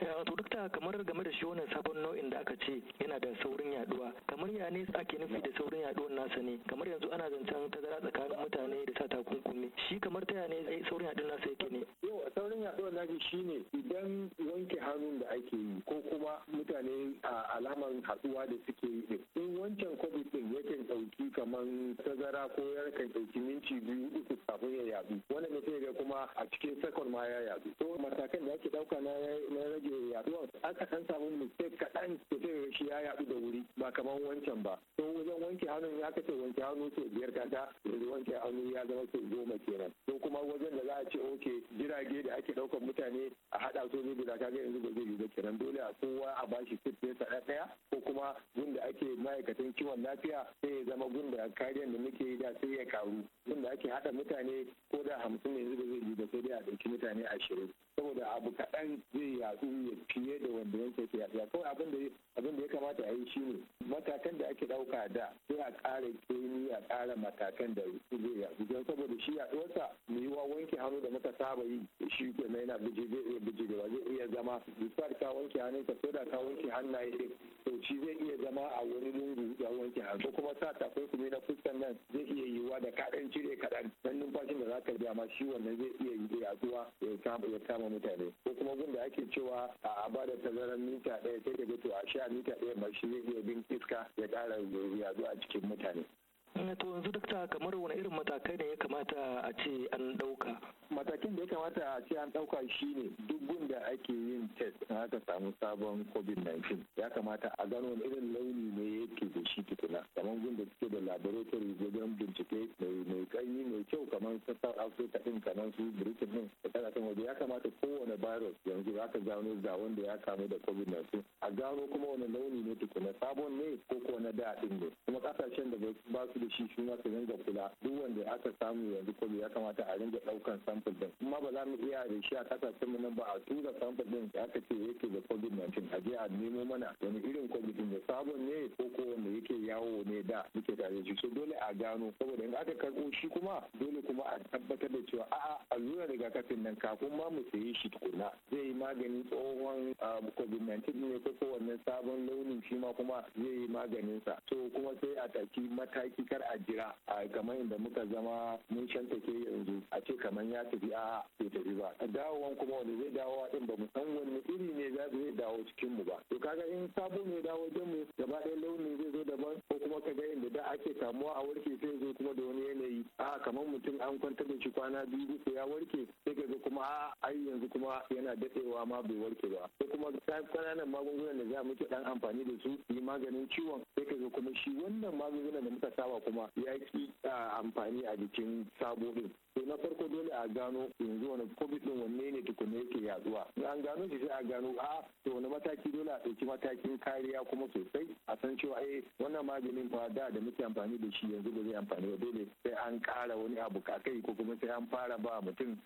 to duk da kamar game da shi wannan sabon nau'in da aka ce yana da saurin yaduwa kamar ya ne ake nufi da saurin yaduwar nasa ne kamar yanzu ana zancen tazara tsakanin mutane da sa takunkumi shi kamar ta ne saurin yaduwar nasa yake ne yau saurin yaduwar nasa ne idan wanke hannun da ake yi ko kuma mutane a alaman haduwa da suke yi ne in wancan covid din yakan dauki kamar tazara ko kan dauki minti biyu uku kafin ya yadu wannan ne sai ga kuma a cikin sakon ma ya yadu to matakan da ake dauka na rage rage yaduwar aka san samu mistake kaɗan da zai shi ya yaɗu da wuri ba kamar wancan ba to wajen wanke hannu ya kace wanke hannu sau biyar kaka yanzu wanke hannu ya zama sau goma kenan ko kuma wajen da za a ce oke jirage da ake ɗaukar mutane a haɗa su ne guda kaga yanzu ba zai yi ba kenan dole a kowa a bashi fit ne sa ɗaya ko kuma gun da ake ma'aikatan kiwon lafiya sai ya zama gun da kariyar da muke yi da sai ya karu gun da ake haɗa mutane ko da hamsin ne yanzu ba zai yi ba sai dai a ɗauki mutane ashirin saboda abu kaɗan zai yaɗu ya fiye da wanda yanke ke yaɗuwa kawai abin da ya kamata a yi shi ne matakan da ake ɗauka da sai a ƙara kemi a ƙara matakan da zai yaɗu don saboda shi yaɗuwarsa mu yi wa wanke hannu da muka saba yi shi ke mai na biji zai iya biji da zai iya zama misali ka wanke hannu ko da ka wanke hannaye ɗin to shi zai iya zama a wani lungu ya wanke hannu ko kuma sa takunkumi na fuskan nan zai iya yiwuwa da kaɗan cire kaɗan dan numfashin da za ka biya ma shi wannan zai iya yaɗuwa ya kama ma mutane ko kuma gun da ake cewa a ba da tazarar mita ɗaya sai ka ga to a sha mita ɗaya ba shi zai iya bin iska ya ƙara yazo a cikin mutane to yanzu dakta kamar wani irin matakai ne ya kamata a ce an ɗauka matakin da ya kamata a ce an ɗauka shine duk gunda ake yin test na aka samu sabon covid-19 ya kamata a gano wani irin launi ne yake da shi tukuna kamar gunda suke da laboratory wajen bincike mai kanyi mai kyau kamar ta south africa din kamar su britain din da kasashen waje ya kamata kowane virus yanzu za ka gano za wanda ya kamu da covid-19 a gano kuma wani launi ne tukuna sabon ne ko kuwa na da din ne kuma kasashen da ba su da shi shi ma su ringa kula duk wanda aka samu yanzu ko ya kamata a ringa daukan sample din kuma ba za mu iya da shi a kasashen mu nan ba a tura sample din da aka ce yake da covid 19 a je a nemo mana wani irin covid da sabon ne ko ko wanda yake yawo ne da muke tare da shi so dole a gano saboda in aka karbo shi kuma dole kuma a tabbatar da cewa a'a allurar rigakafin nan kafin ma mu sayi shi tukuna zai yi maganin tsohon ah, covid-19 ne ko ko wannan sabon launin shi ma kuma zai yi maganin sa to kuma sai a taki mataki kar a jira a kamar inda muka zama mun ke yanzu a ce kamar ya tafi a bai tafi ba dawowan kuma wanda zai dawo din ba mu san wani iri ne za zai dawo cikin mu ba to kaga in sabo ne dawo wajen mu gaba ɗaya launi zai zo daban ko kuma ka ga inda da ake kamuwa a warke sai zo kuma da wani yanayi a kamar mutum an kwantar da shi kwana biyu sai ya warke sai ga kuma a ai yanzu kuma yana daɗewa ma bai warke ba ko kuma kananan magungunan da za mu ke dan amfani da su yi maganin ciwon sai ga kuma shi wannan magungunan da muka saba kuma ya ki ah, amfani a jikin sabo to na farko dole a gano yanzu wani covid din wanne ne tukunna yake yaduwa in an gano shi sai a gano a to wani mataki dole a dauki matakin kariya kuma sosai a san cewa eh wannan maganin ba da da muke amfani da shi yanzu ba zai amfani ba dole sai an kara wani abu kakai ko kuma sai an fara ba mutum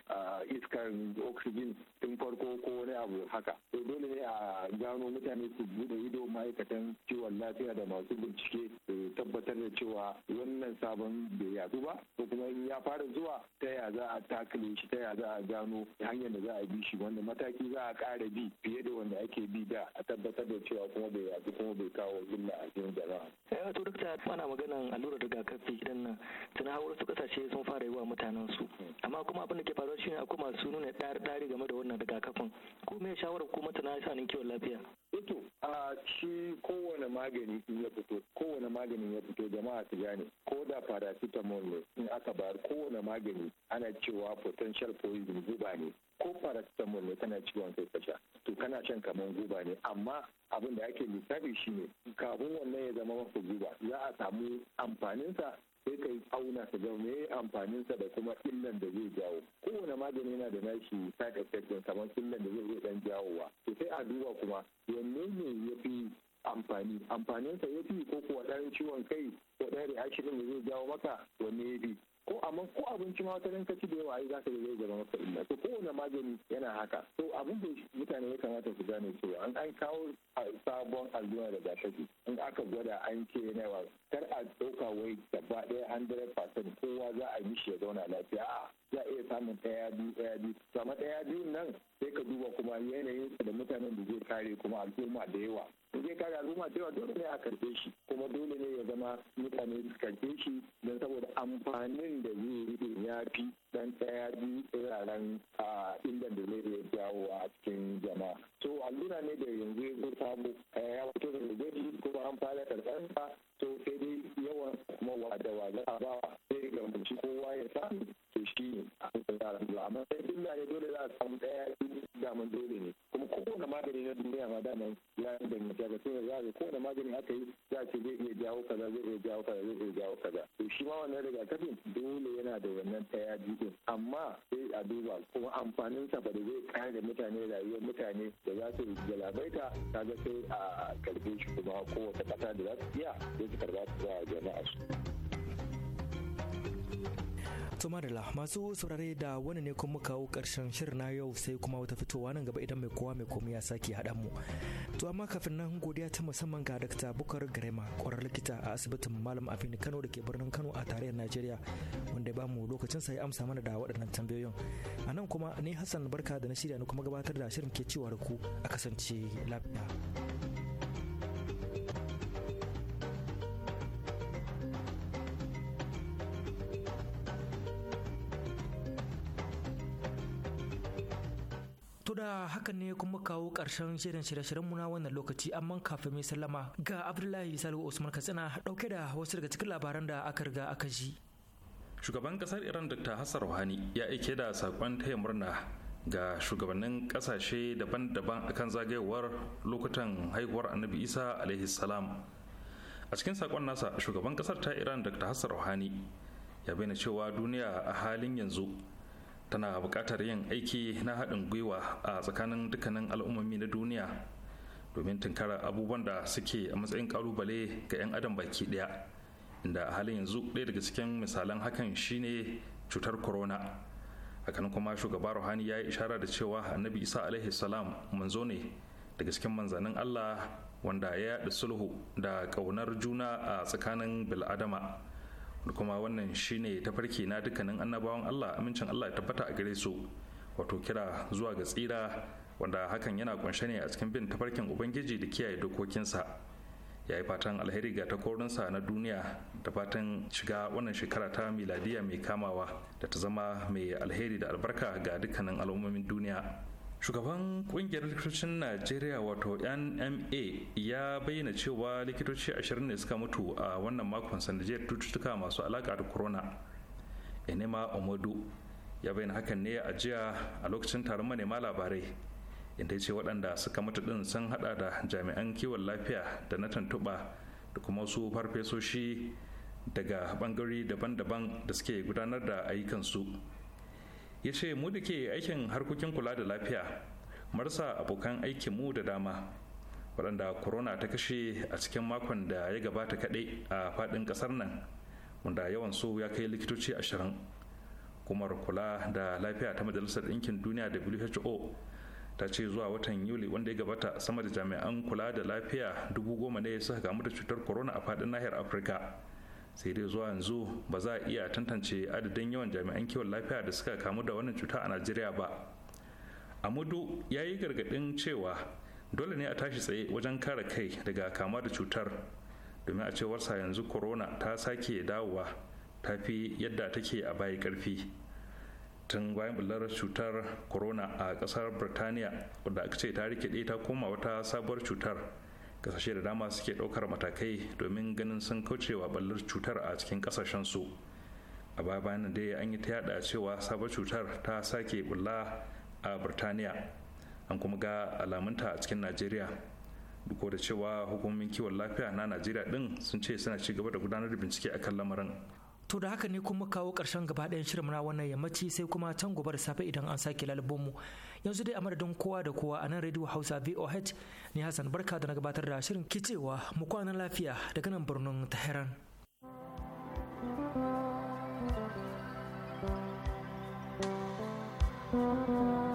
iskar oxygen tun farko ko wani abu haka to dole ne a gano mutane su bude ido ma'aikatan kiwon lafiya da masu bincike su tabbatar da cewa wannan sabon bai yadu ba ko kuma in ya fara zuwa ta ya za a takile shi ta ya za a gano hanyar da za a bi shi wanda mataki za a ƙara bi fiye da wanda ake bi da a tabbatar da cewa kuma bai yaki kuma bai kawo illa a cikin jama'a. Ya eh, to dukta ana maganan allurar rigakafi gidan nan tana hawar su kasashe sun fara yi wa mutanen su amma kuma abin da ke faruwa shine akwai masu nuna ɗari-ɗari game da wannan rigakafin ko me shawarar ko na sanin kiwon lafiya. Ito eh a shi kowane magani ya fito kowane magani ya fito jama'a su gane ko da paracetamol ne in aka bayar kowane magani ana cewa potential poison guba ne ko paracetamol ne tana ciwon kai kasha to kana shan kaman guba ne amma abin da ake lissafi shi ne kafin wannan ya zama masa guba za a samu amfaninsa sai ka yi auna ka ga me amfaninsa da kuma illan da zai jawo kowane magani yana da nashi side effect kamar illan da zai iya dan jawowa to sai a duba kuma wanne ne ya fi amfani amfaninsa ya fi ko kuwa ɗan ciwon kai ko ɗan reaction da zai jawo maka wanne ya fi ko amma ko abinci ma wata ka ci da yawa ai za ka zai zama maka illa to kowane magani yana haka to abin da mutane ya kamata su gane cewa an an kawo sabon allura da gashaki in aka gwada an ce yana wa kar a ɗauka wai gaba ɗaya 100% kowa za a yi shi ya zauna lafiya a'a za a iya samun ɗaya biyu ɗaya biyu sama ɗaya biyu nan sai ka duba kuma yanayin da mutanen da zai kare kuma al'umma da yawa in zai kare al'umma da yawa dole ne a karɓe shi kuma dole ne ya zama mutane su karɓe amfanin da zai yi ya fi ɗan ɗaya biyu tsiraran masu saurare da wani ne kuma kawo karshen shirin na yau sai kuma wata fitowa nan gaba idan mai kowa mai komi ya sake haɗa mu to amma kafin nan godiya ta musamman ga dr bukar garema kwarar likita a asibitin malam afin kano da ke birnin kano a tarayyar nigeria wanda ba mu lokacin sa ya amsa mana da waɗannan tambayoyin a nan kuma ni hassan barka da na shirya ni kuma gabatar da shirin ke cewa ku a kasance lafiya da haka ne kuma kawo ƙarshen shirin shirye-shiryenmu na wannan lokaci amma kafin mai sallama ga Abdullahi Salihu Usman Katsina ɗauke da wasu daga cikin labaran da aka riga aka ji. Shugaban ƙasar Iran Dr. Hassan Rouhani ya aike da saƙon taya murna ga shugabannin ƙasashe daban-daban akan zagayowar lokutan haihuwar Annabi Isa alaihi salam. A cikin saƙon nasa shugaban ƙasar ta Iran Dr. Hassan Rouhani ya bayyana cewa duniya a halin yanzu tana buƙatar yin aiki na haɗin gwiwa a tsakanin dukkanin al'ummomi na duniya domin tunkara abubuwan da suke a matsayin ƙalubale ga 'yan adam baki ɗaya inda a halin yanzu ɗaya daga cikin misalan hakan shine cutar corona hakan kuma shugaba ruhani ya yi ishara da cewa annabi isa alaihi salam manzo ne daga cikin manzanin allah wanda ya yaɗa sulhu da ƙaunar juna a tsakanin bil'adama kuma wannan shine tafarki na dukkanin annabawan Allah amincin Allah tabbata a gare su wato kira zuwa ga tsira wanda hakan yana kunshe ne a cikin bin tafarkin ubangiji da kiyaye dokokinsa ya yi fatan alheri ga takorinsa na duniya da fatan shiga wannan shekara ta miladiya mai kamawa da ta zama mai alheri da albarka ga dukkanin al'ummomin duniya shugaban kungiyar likitocin najeriya wato nma ya bayyana cewa likitoci ashirin ne suka mutu a wannan makon sanadiyar cututtuka masu alaƙa da corona enema omodu ya bayyana hakan ne a jiya a lokacin taron manema labarai inda ya ce waɗanda suka mutu ɗin sun hada da jami'an kiwon lafiya da na tuntuɓa da kuma wasu farfesoshi daga ɓangare daban-daban da suke gudanar da ayyukansu. su ya ce mu da ke aikin harkokin kula da lafiya marasa abokan aikin mu da dama waɗanda corona ta kashe a cikin makon da ya gabata kaɗai a faɗin ƙasar nan wanda yawan su ya kai likitoci ashirin kuma kula da lafiya ta majalisar ɗinkin duniya who ta ce zuwa watan yuli wanda ya gabata sama da jami'an kula da lafiya dubu goma ne suka gamu da cutar corona a faɗin nahiyar afirka sai dai zuwa yanzu ba za a iya tantance adadin yawan jami'an kiwon lafiya da suka kamu da wannan cuta a najeriya ba amadu ya yi gargaɗin cewa dole ne a tashi tsaye wajen kare kai daga kama da cutar domin a cewar sa yanzu corona ta sake dawowa ta fi yadda take a baya karfi tun bayan bullar cutar corona a ƙasar birtaniya wadda aka ce ta rikide ta koma wata sabuwar cutar kasashe da dama suke ɗaukar matakai domin ganin sun kaucewa ɓallar cutar a cikin ƙasashensu a baya bayan dai an yi ta yada cewa sabon cutar ta sake bulla a birtaniya an kuma ga alamunta a cikin najeriya duk da cewa hukumomin kiwon lafiya na najeriya din sun ce suna ci gaba da gudanar da bincike akan lamarin To da haka ne kuma kawo ƙarshen gaba ɗayan shirin na wannan yammaci sai kuma can gobe da safe idan an sake lalubonmu yanzu dai a madadin kowa da kowa a nan radio hausa voh ni hassan barka da na gabatar da shirin kicewa mu kwana lafiya daga nan birnin tehran thank you